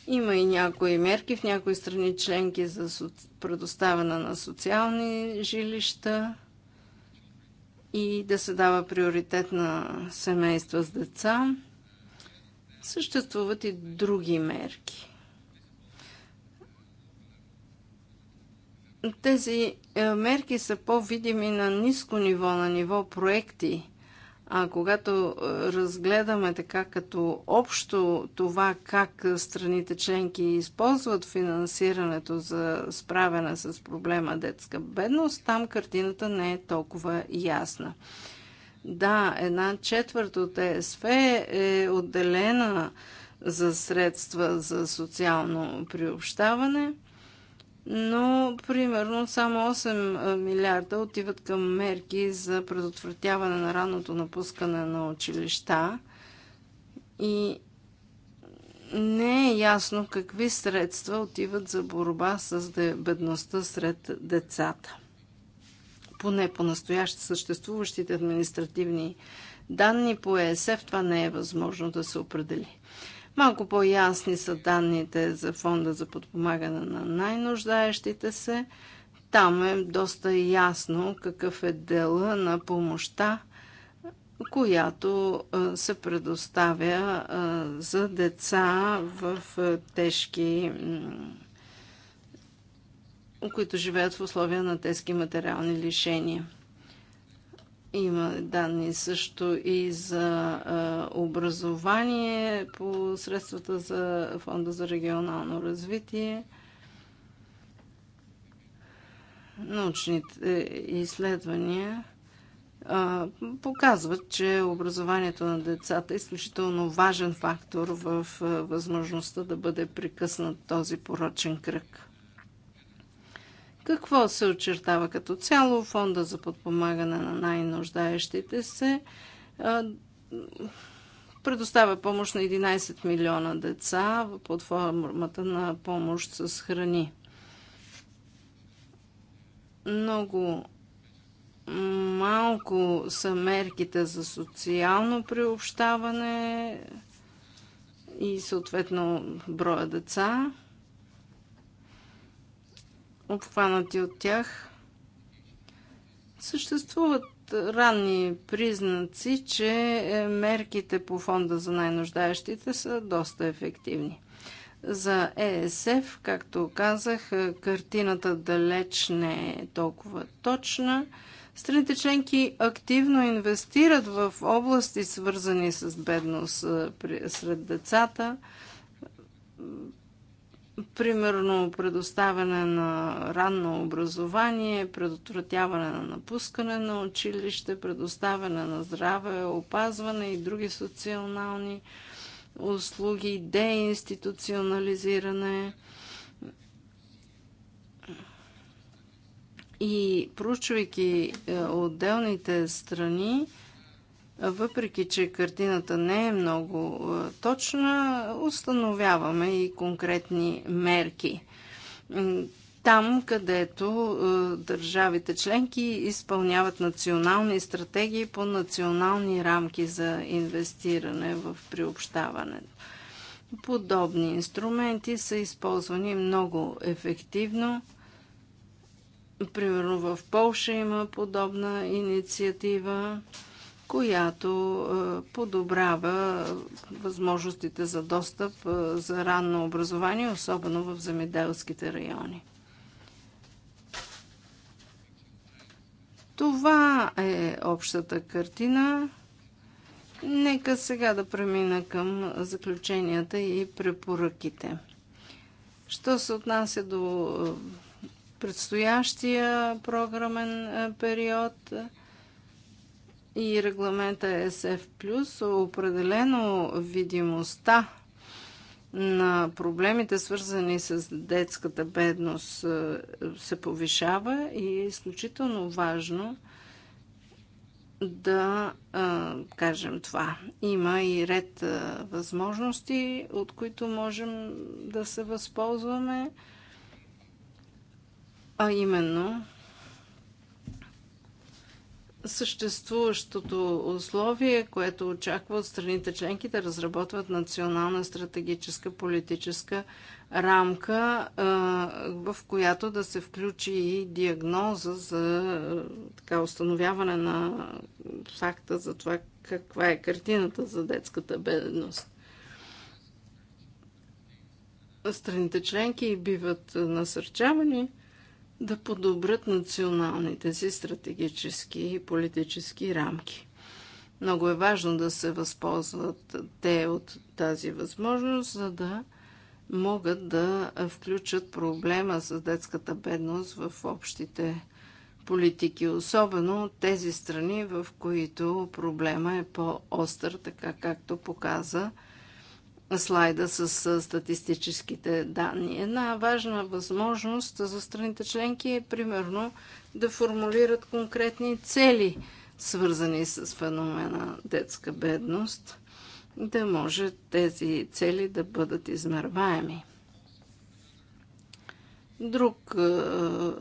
Има и някои мерки в някои страни членки за предоставяне на социални жилища и да се дава приоритет на семейства с деца. Съществуват и други мерки. Тези е, мерки са по-видими на ниско ниво, на ниво проекти. А когато е, разгледаме така като общо това как страните членки използват финансирането за справяне с проблема детска бедност, там картината не е толкова ясна. Да, една четвърт от ЕСФ е отделена за средства за социално приобщаване – но примерно само 8 милиарда отиват към мерки за предотвратяване на ранното напускане на училища и не е ясно какви средства отиват за борба с бедността сред децата. Поне по настояще съществуващите административни данни по ЕСФ това не е възможно да се определи. Малко по-ясни са данните за фонда за подпомагане на най-нуждаещите се. Там е доста ясно какъв е дела на помощта, която се предоставя за деца в тежки които живеят в условия на тежки материални лишения. Има данни също и за образование по средствата за Фонда за регионално развитие. Научните е, изследвания показват, че образованието на децата е изключително важен фактор в възможността да бъде прекъснат този порочен кръг. Какво се очертава като цяло? Фонда за подпомагане на най-нуждаещите се предоставя помощ на 11 милиона деца под формата на помощ с храни. Много малко са мерките за социално приобщаване и съответно броя деца обхванати от тях. Съществуват ранни признаци, че е, мерките по фонда за най-нуждаещите са доста ефективни. За ЕСФ, както казах, е, картината далеч не е толкова точна. Страните членки активно инвестират в области, свързани с бедност е, сред децата примерно предоставяне на ранно образование, предотвратяване на напускане на училище, предоставяне на здраве, опазване и други социални услуги, деинституционализиране и проучвайки е, отделните страни, въпреки, че картината не е много точна, установяваме и конкретни мерки. Там, където държавите членки изпълняват национални стратегии по национални рамки за инвестиране в приобщаването. Подобни инструменти са използвани много ефективно. Примерно в Полша има подобна инициатива която е, подобрява възможностите за достъп е, за ранно образование, особено в земеделските райони. Това е общата картина. Нека сега да премина към заключенията и препоръките. Що се отнася до е, предстоящия програмен период – и регламента SF+, определено видимостта на проблемите, свързани с детската бедност, е, се повишава и е изключително важно да а, е, кажем това. Има и ред а, е, възможности, от които можем да се възползваме, а именно съществуващото условие, което очаква от страните членки да разработват национална стратегическа политическа рамка, в която да се включи и диагноза за така, установяване на факта за това каква е картината за детската бедност. Страните членки биват насърчавани да подобрят националните си стратегически и политически рамки. Много е важно да се възползват те от тази възможност, за да могат да включат проблема с детската бедност в общите политики, особено тези страни, в които проблема е по-остър, така както показа слайда с статистическите данни. Една важна възможност за страните членки е примерно да формулират конкретни цели, свързани с феномена детска бедност, да може тези цели да бъдат измерваеми. Друг,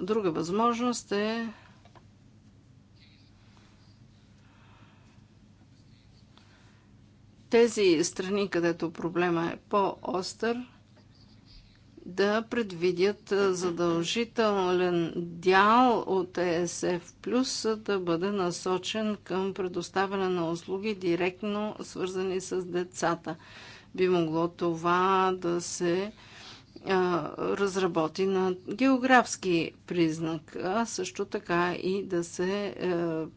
друга възможност е тези страни, където проблема е по-остър, да предвидят задължителен дял от ЕСФ Плюс да бъде насочен към предоставяне на услуги директно свързани с децата. Би могло това да се разработи на географски признак, а също така и да се е,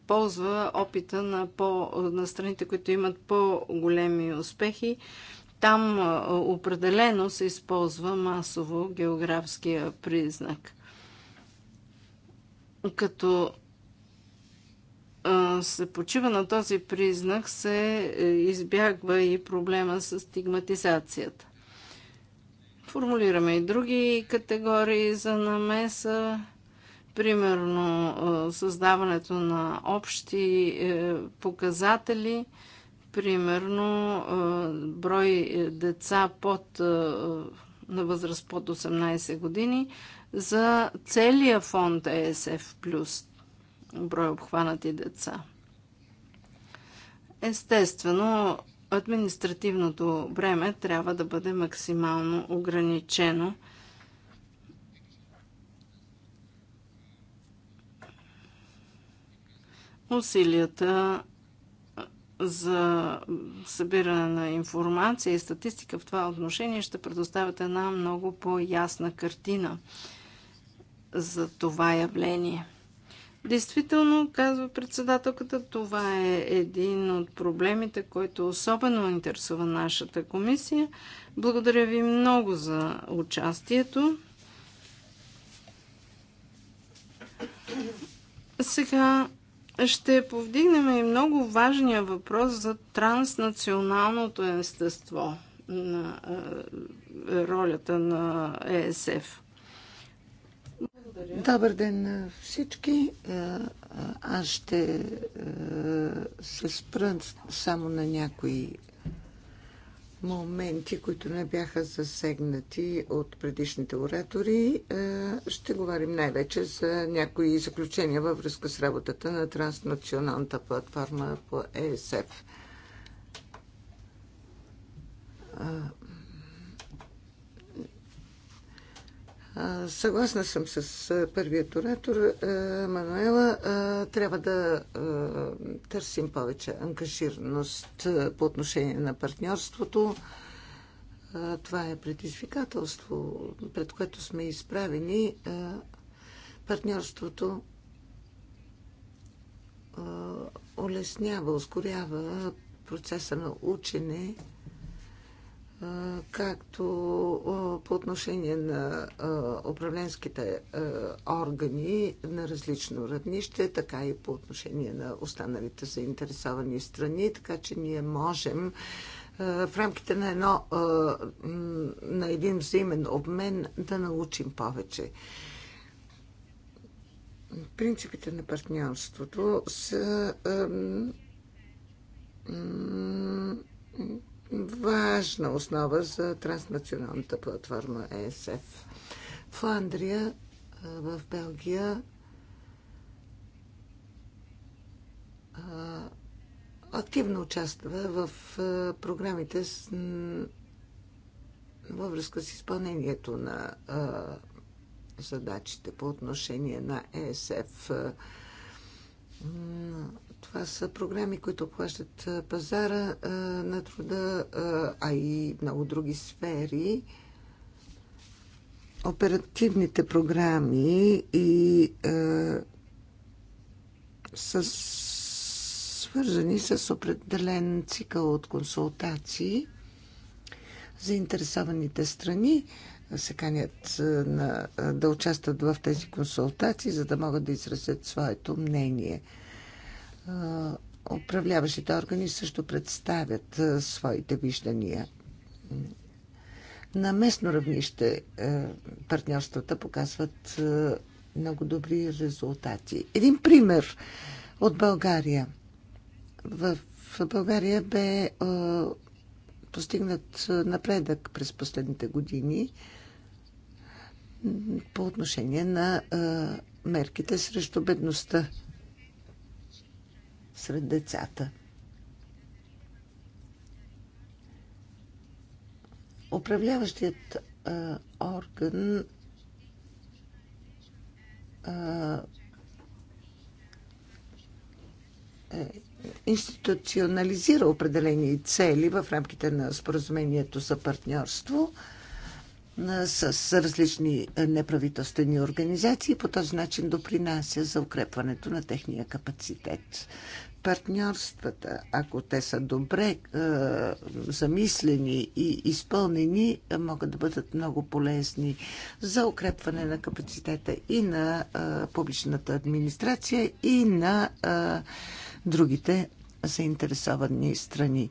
ползва опита на, по, на страните, които имат по-големи успехи. Там е, определено се използва масово географския признак. Като е, се почива на този признак, се избягва и проблема с стигматизацията. Формулираме и други категории за намеса, примерно е, създаването на общи е, показатели, примерно е, брой деца под, на възраст под 18 години за целия фонд ЕСФ плюс брой обхванати деца. Естествено, административното бреме трябва да бъде максимално ограничено. Усилията за събиране на информация и статистика в това отношение ще предоставят една много по-ясна картина за това явление. Действително, казва председателката, това е един от проблемите, който особено интересува нашата комисия. Благодаря ви много за участието. Сега ще повдигнем и много важния въпрос за транснационалното естество на е, ролята на ЕСФ. Добър ден на всички. Е, е, аз ще е, се спра само на някои моменти, които не бяха засегнати от предишните оратори. Ще говорим най-вече за някои заключения във връзка с работата на транснационалната платформа по ЕСФ Съгласна съм с първият оратор. Мануела, трябва да търсим повече ангажираност по отношение на партньорството. Това е предизвикателство, пред което сме изправени. Партньорството улеснява, ускорява процеса на учене както по отношение на управленските органи на различно равнище, така и по отношение на останалите заинтересовани страни, така че ние можем в рамките на, едно, на един взаимен обмен да научим повече. Принципите на партньорството са важна основа за транснационалната платформа ЕСФ. Фландрия в Белгия активно участва в програмите с, във връзка с изпълнението на задачите по отношение на ЕСФ. Това са програми, които обхващат пазара на труда, а и много други сфери. Оперативните програми и са свързани с определен цикъл от консултации. за интересованите страни се канят на, да участват в тези консултации, за да могат да изразят своето мнение – управляващите органи също представят своите виждания. На местно равнище партньорствата показват много добри резултати. Един пример от България. В България бе постигнат напредък през последните години по отношение на мерките срещу бедността сред децата. Управляващият а, орган а, е, институционализира определени цели в рамките на споразумението за партньорство с различни неправителствени организации по този начин допринася за укрепването на техния капацитет партньорствата, ако те са добре е, замислени и изпълнени, могат да бъдат много полезни за укрепване на капацитета и на е, публичната администрация, и на е, другите заинтересовани страни.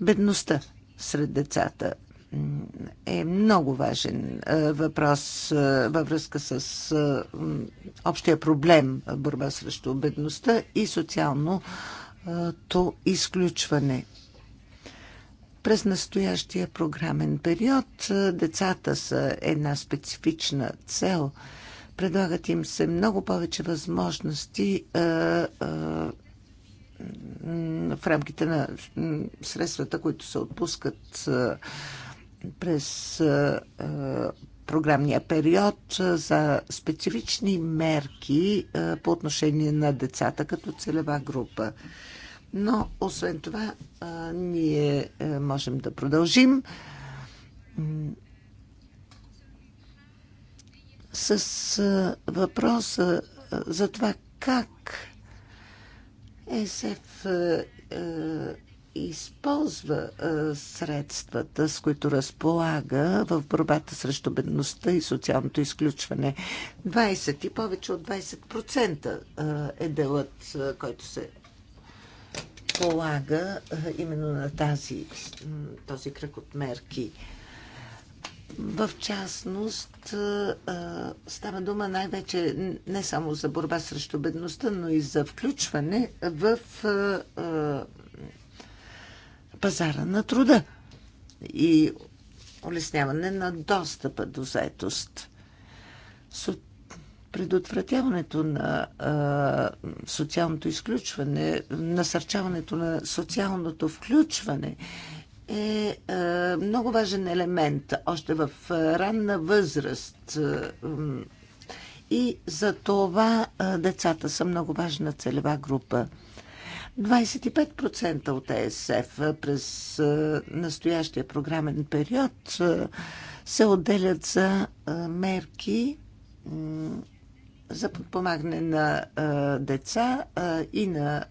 Бедността сред децата е много важен въпрос във връзка с общия проблем борба срещу бедността и социалното изключване. През настоящия програмен период децата са една специфична цел. Предлагат им се много повече възможности в рамките на средствата, които се отпускат през програмния период за специфични мерки по отношение на децата като целева група. Но, освен това, ние можем да продължим с въпроса за това как ЕСФ използва а, средствата, с които разполага в борбата срещу бедността и социалното изключване. 20 и повече от 20% а, е делът, а, който се полага а, именно на тази, този кръг от мерки. В частност, става дума най-вече не само за борба срещу бедността, но и за включване в пазара на труда и улесняване на достъпа до заетост. С предотвратяването на а, социалното изключване, насърчаването на социалното включване е а, много важен елемент още в ранна възраст. И за това а, децата са много важна целева група. 25% от ЕСФ през настоящия програмен период се отделят за мерки за подпомагане на деца и на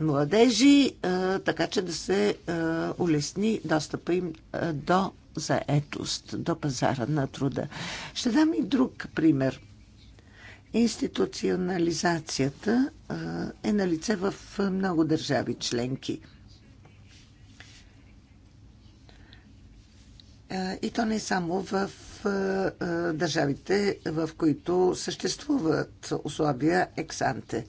младежи, така че да се улесни достъпа им до заетост, до пазара на труда. Ще дам и друг пример – институционализацията е на лице в много държави членки. И то не само в държавите, в които съществуват условия ексанте.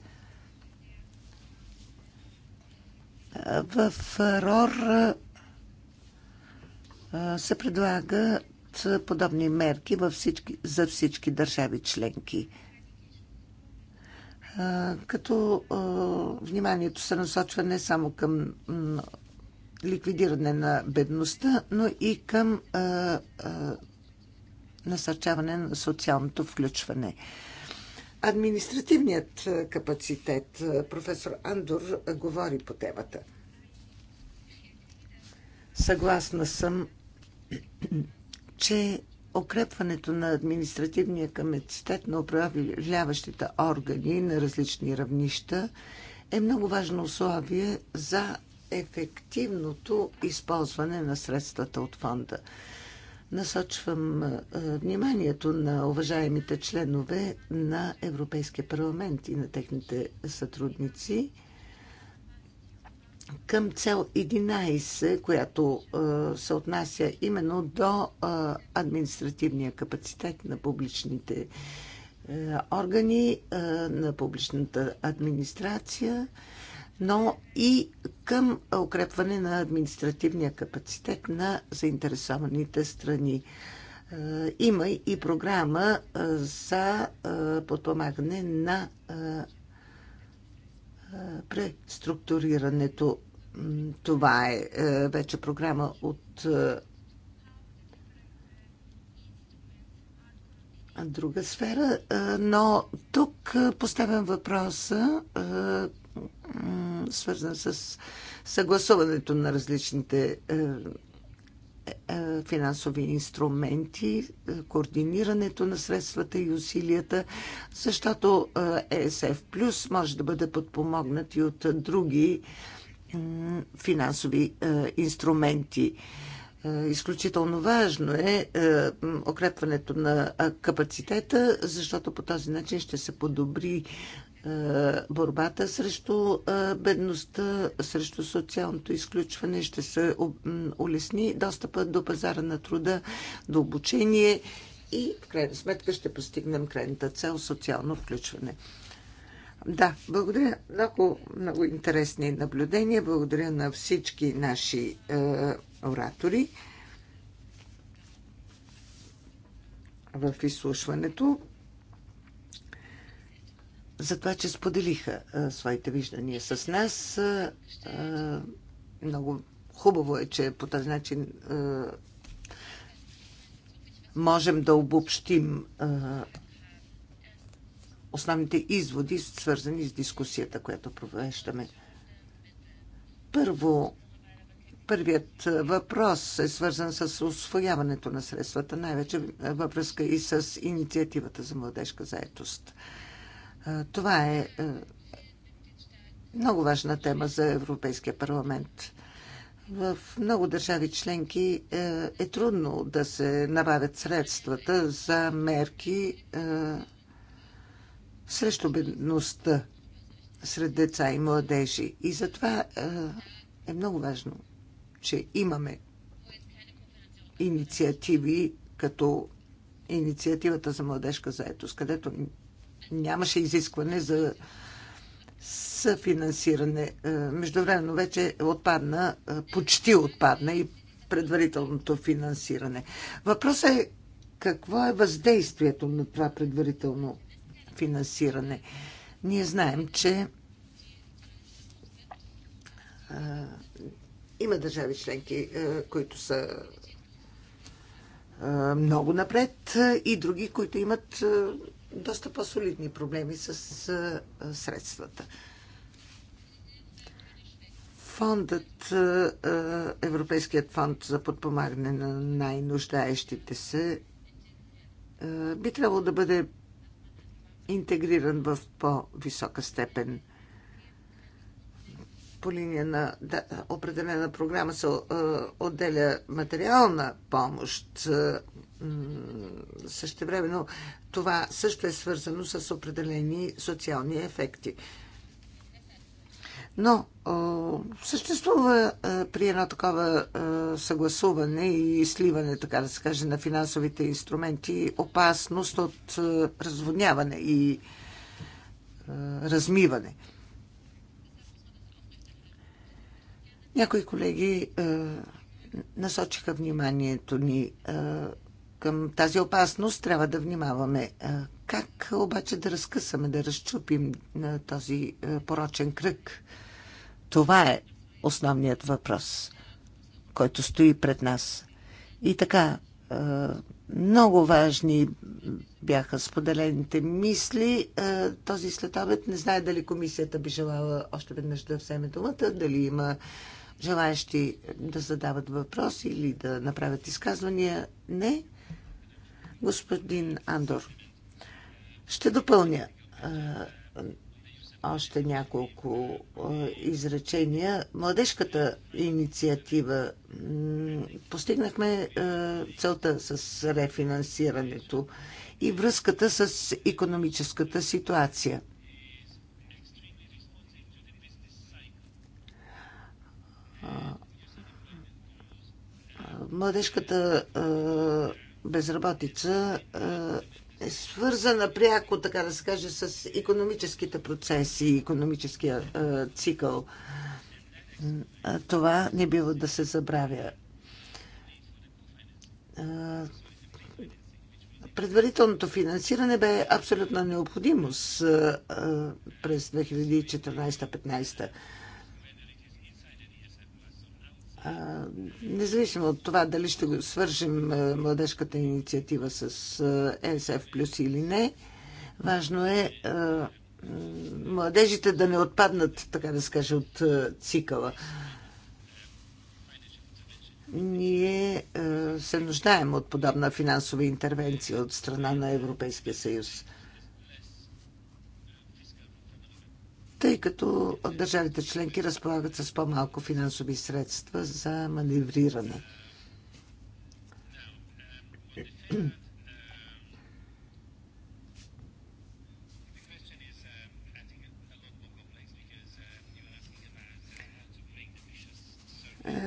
В РОР се предлагат подобни мерки във всички, за всички държави членки – като вниманието се насочва не само към ликвидиране на бедността, но и към насърчаване на социалното включване. Административният капацитет, професор Андор говори по темата. Съгласна съм, че укрепването на административния капацитет на управляващите органи на различни равнища е много важно условие за ефективното използване на средствата от фонда. Насочвам вниманието на уважаемите членове на Европейския парламент и на техните сътрудници – към цел 11, която се отнася именно до административния капацитет на публичните органи, на публичната администрация, но и към укрепване на административния капацитет на заинтересованите страни. Има и програма за подпомагане на преструктурирането. Това е, е вече програма от е, друга сфера, е, но тук поставям въпроса, свързан с съгласуването на различните е, финансови инструменти, е, координирането на средствата и усилията, защото е, ЕСФ Плюс може да бъде подпомогнат и от други финансови инструменти. Изключително важно е укрепването на капацитета, защото по този начин ще се подобри е, борбата срещу е, бедността, срещу социалното изключване, ще се улесни достъпа до пазара на труда, до обучение и в крайна сметка ще постигнем крайната цел социално включване. Да, благодаря. Много, много интересни наблюдения. Благодаря на всички наши е, оратори в изслушването за това, че споделиха а, своите виждания с нас. А, а, много хубаво е, че по този начин а, можем да обобщим а, основните изводи, свързани с дискусията, която провеждаме. Първо, първият въпрос е свързан с освояването на средствата, най-вече във връзка и с инициативата за младежка заетост. А, това е, е много важна тема за Европейския парламент. В много държави членки е, е трудно да се набавят средствата за мерки е, срещу бедността сред деца и младежи. И затова е много важно, че имаме инициативи като инициативата за младежка заетост, където нямаше изискване за съфинансиране. Е, междувременно вече отпадна, е, почти отпадна и предварителното финансиране. Въпросът е какво е въздействието на това предварително финансиране. Ние знаем, че а, е, има държави членки, а, които са а, много напред и други, които имат а, доста по-солидни проблеми с средствата. Фондът, Европейският фонд за подпомагане на най-нуждаещите се, би трябвало да бъде интегриран в по-висока степен по линия на да, определена програма се е, отделя материална помощ. Е, същевременно това също е свързано с определени социални ефекти. Но е, съществува при едно такова съгласуване и сливане, така да се каже, на финансовите инструменти опасност от разводняване и размиване. Някои колеги е, насочиха вниманието ни е, към тази опасност. Трябва да внимаваме. Е, как обаче да разкъсаме, да разчупим на е, този е, порочен кръг? Това е основният въпрос, който стои пред нас. И така, е, много важни бяха споделените мисли. Е, този следобед не знае дали комисията би желала още веднъж да вземе думата, дали има желаящи да задават въпроси или да направят изказвания? Не. Господин Андор, ще допълня още няколко изречения. Младежката инициатива. Постигнахме целта с рефинансирането и връзката с економическата ситуация – младежката безработица е свързана пряко, така да се каже, с економическите процеси, економическия цикъл. Това не бива да се забравя. Предварителното финансиране бе абсолютна необходимост през 2014-15. Независимо от това дали ще свържим младежката инициатива с НСФ плюс или не, важно е младежите да не отпаднат, така да се каже, от цикъла. Ние се нуждаем от подобна финансова интервенция от страна на Европейския съюз. тъй като държавите членки разполагат с по-малко финансови средства за маневриране.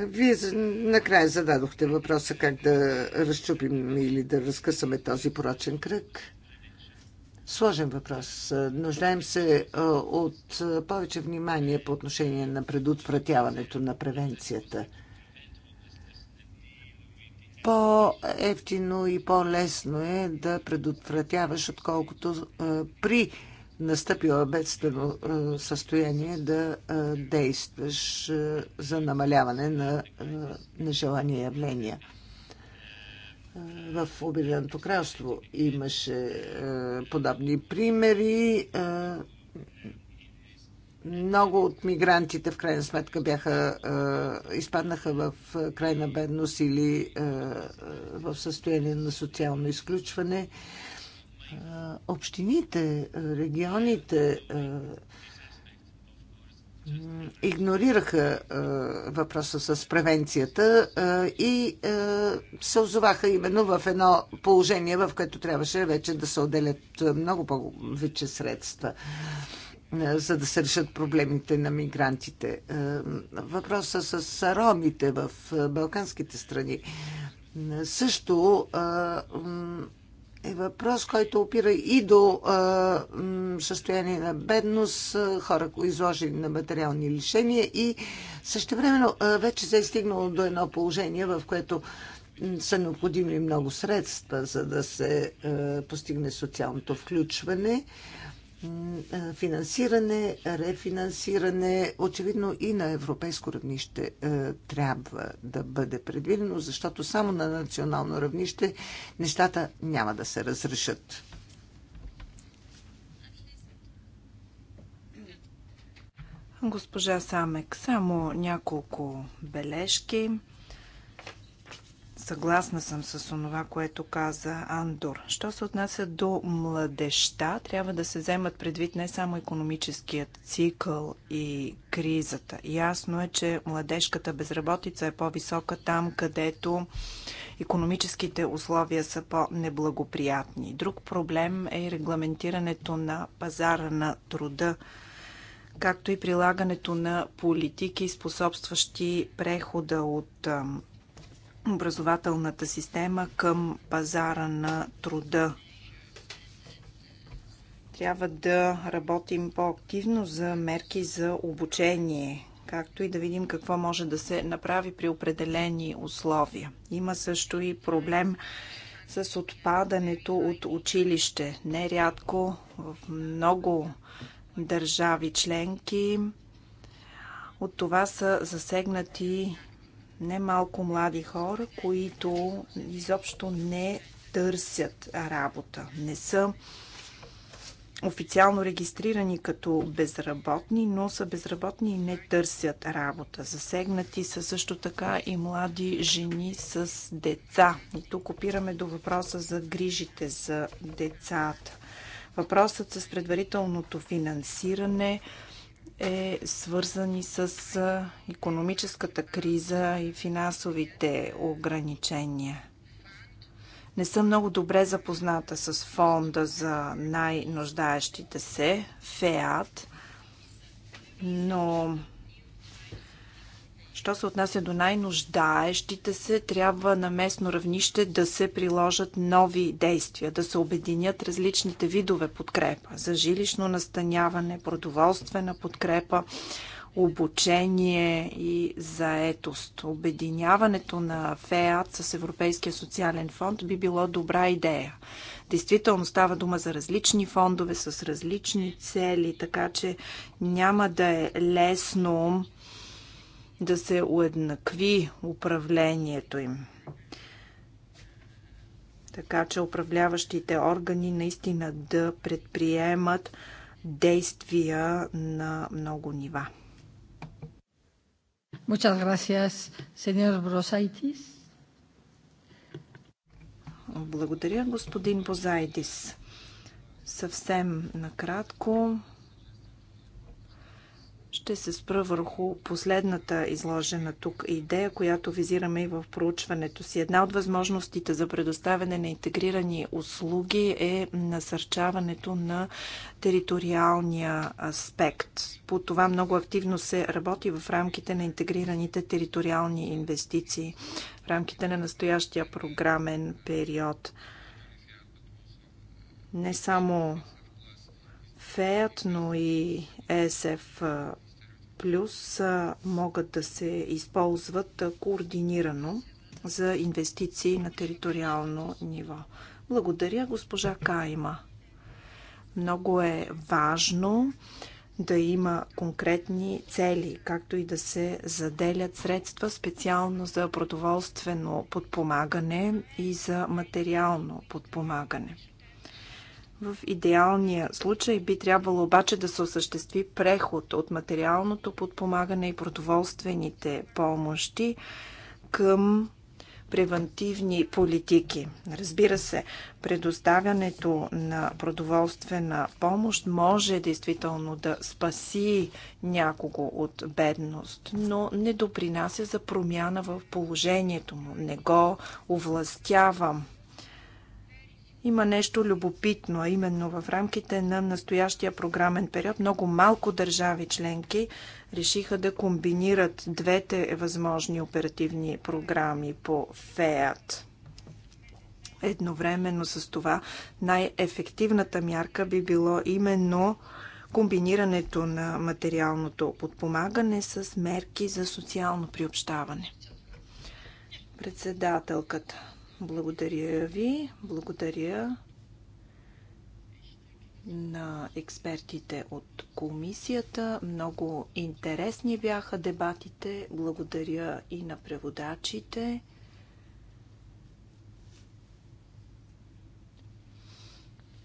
Вие накрая зададохте въпроса как да разчупим или да разкъсаме този порочен кръг сложен въпрос. Нуждаем се от повече внимание по отношение на предотвратяването на превенцията. По-ефтино и по-лесно е да предотвратяваш, отколкото при настъпило бедствено състояние да действаш за намаляване на нежелани явления. Е, в Обединеното кралство имаше е, подобни примери. Е, много от мигрантите в крайна сметка бяха, изпаднаха в крайна бедност или в състояние на социално изключване. Общините, регионите, игнорираха а, въпроса с превенцията а, и а, се озоваха именно в едно положение, в което трябваше вече да се отделят много повече средства, а, за да се решат проблемите на мигрантите. А, въпроса с ромите в балканските страни също а, е въпрос, който опира и до а, състояние на бедност, хора изложени на материални лишения и също времено вече се е стигнало до едно положение, в което са необходими много средства, за да се а, постигне социалното включване. А, финансиране, рефинансиране, очевидно и на европейско равнище е, трябва да бъде предвидено, защото само на национално равнище нещата няма да се разрешат. Госпожа Самек, само няколко бележки. Съгласна съм с онова, което каза Андор. Що се отнася до младеща, трябва да се вземат предвид не само економическият цикъл и кризата. Ясно е, че младежката безработица е по-висока там, където економическите условия са по-неблагоприятни. Друг проблем е и регламентирането на пазара на труда както и прилагането на политики, способстващи прехода от образователната система към пазара на труда. Трябва да работим по-активно за мерки за обучение, както и да видим какво може да се направи при определени условия. Има също и проблем с отпадането от училище. Нерядко в много държави членки от това са засегнати немалко млади хора, които изобщо не търсят работа, не са официално регистрирани като безработни, но са безработни и не търсят работа. Засегнати са също така и млади жени с деца. И тук опираме до въпроса за грижите за децата. Въпросът с предварителното финансиране, е свързани с економическата криза и финансовите ограничения. Не съм много добре запозната с фонда за най-нуждаещите се, ФЕАТ, но Що се отнася до най-нуждаещите се, трябва на местно равнище да се приложат нови действия, да се обединят различните видове подкрепа за жилищно настаняване, продоволствена подкрепа, обучение и заетост. Обединяването на ФЕАД с Европейския социален фонд би било добра идея. Действително става дума за различни фондове с различни цели, така че няма да е лесно да се уеднакви управлението им. Така че управляващите органи наистина да предприемат действия на много нива. Muchas gracias, señor Благодаря, господин Бозайдис. Съвсем накратко ще се спра върху последната изложена тук идея, която визираме и в проучването си. Една от възможностите за предоставяне на интегрирани услуги е насърчаването на териториалния аспект. По това много активно се работи в рамките на интегрираните териториални инвестиции в рамките на настоящия програмен период. Не само ФЕАТ, но и ЕСФ плюс могат да се използват координирано за инвестиции на териториално ниво. Благодаря, госпожа Кайма. Много е важно да има конкретни цели, както и да се заделят средства специално за продоволствено подпомагане и за материално подпомагане. В идеалния случай би трябвало обаче да се осъществи преход от материалното подпомагане и продоволствените помощи към превентивни политики. Разбира се, предоставянето на продоволствена помощ може действително да спаси някого от бедност, но не допринася за промяна в положението му, не го овластява. Има нещо любопитно, а именно в рамките на настоящия програмен период много малко държави членки решиха да комбинират двете възможни оперативни програми по ФЕАТ. Едновременно с това най-ефективната мярка би било именно комбинирането на материалното подпомагане с мерки за социално приобщаване. Председателката благодаря ви. Благодаря на експертите от комисията. Много интересни бяха дебатите. Благодаря и на преводачите.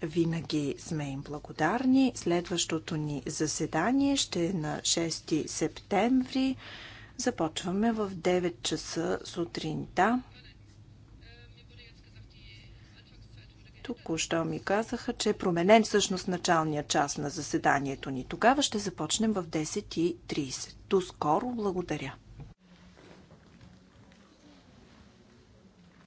Винаги сме им благодарни. Следващото ни заседание ще е на 6 септември. Започваме в 9 часа сутринта. Току-що ми казаха, че е променен всъщност началния час на заседанието ни. Тогава ще започнем в 10.30. До скоро, благодаря.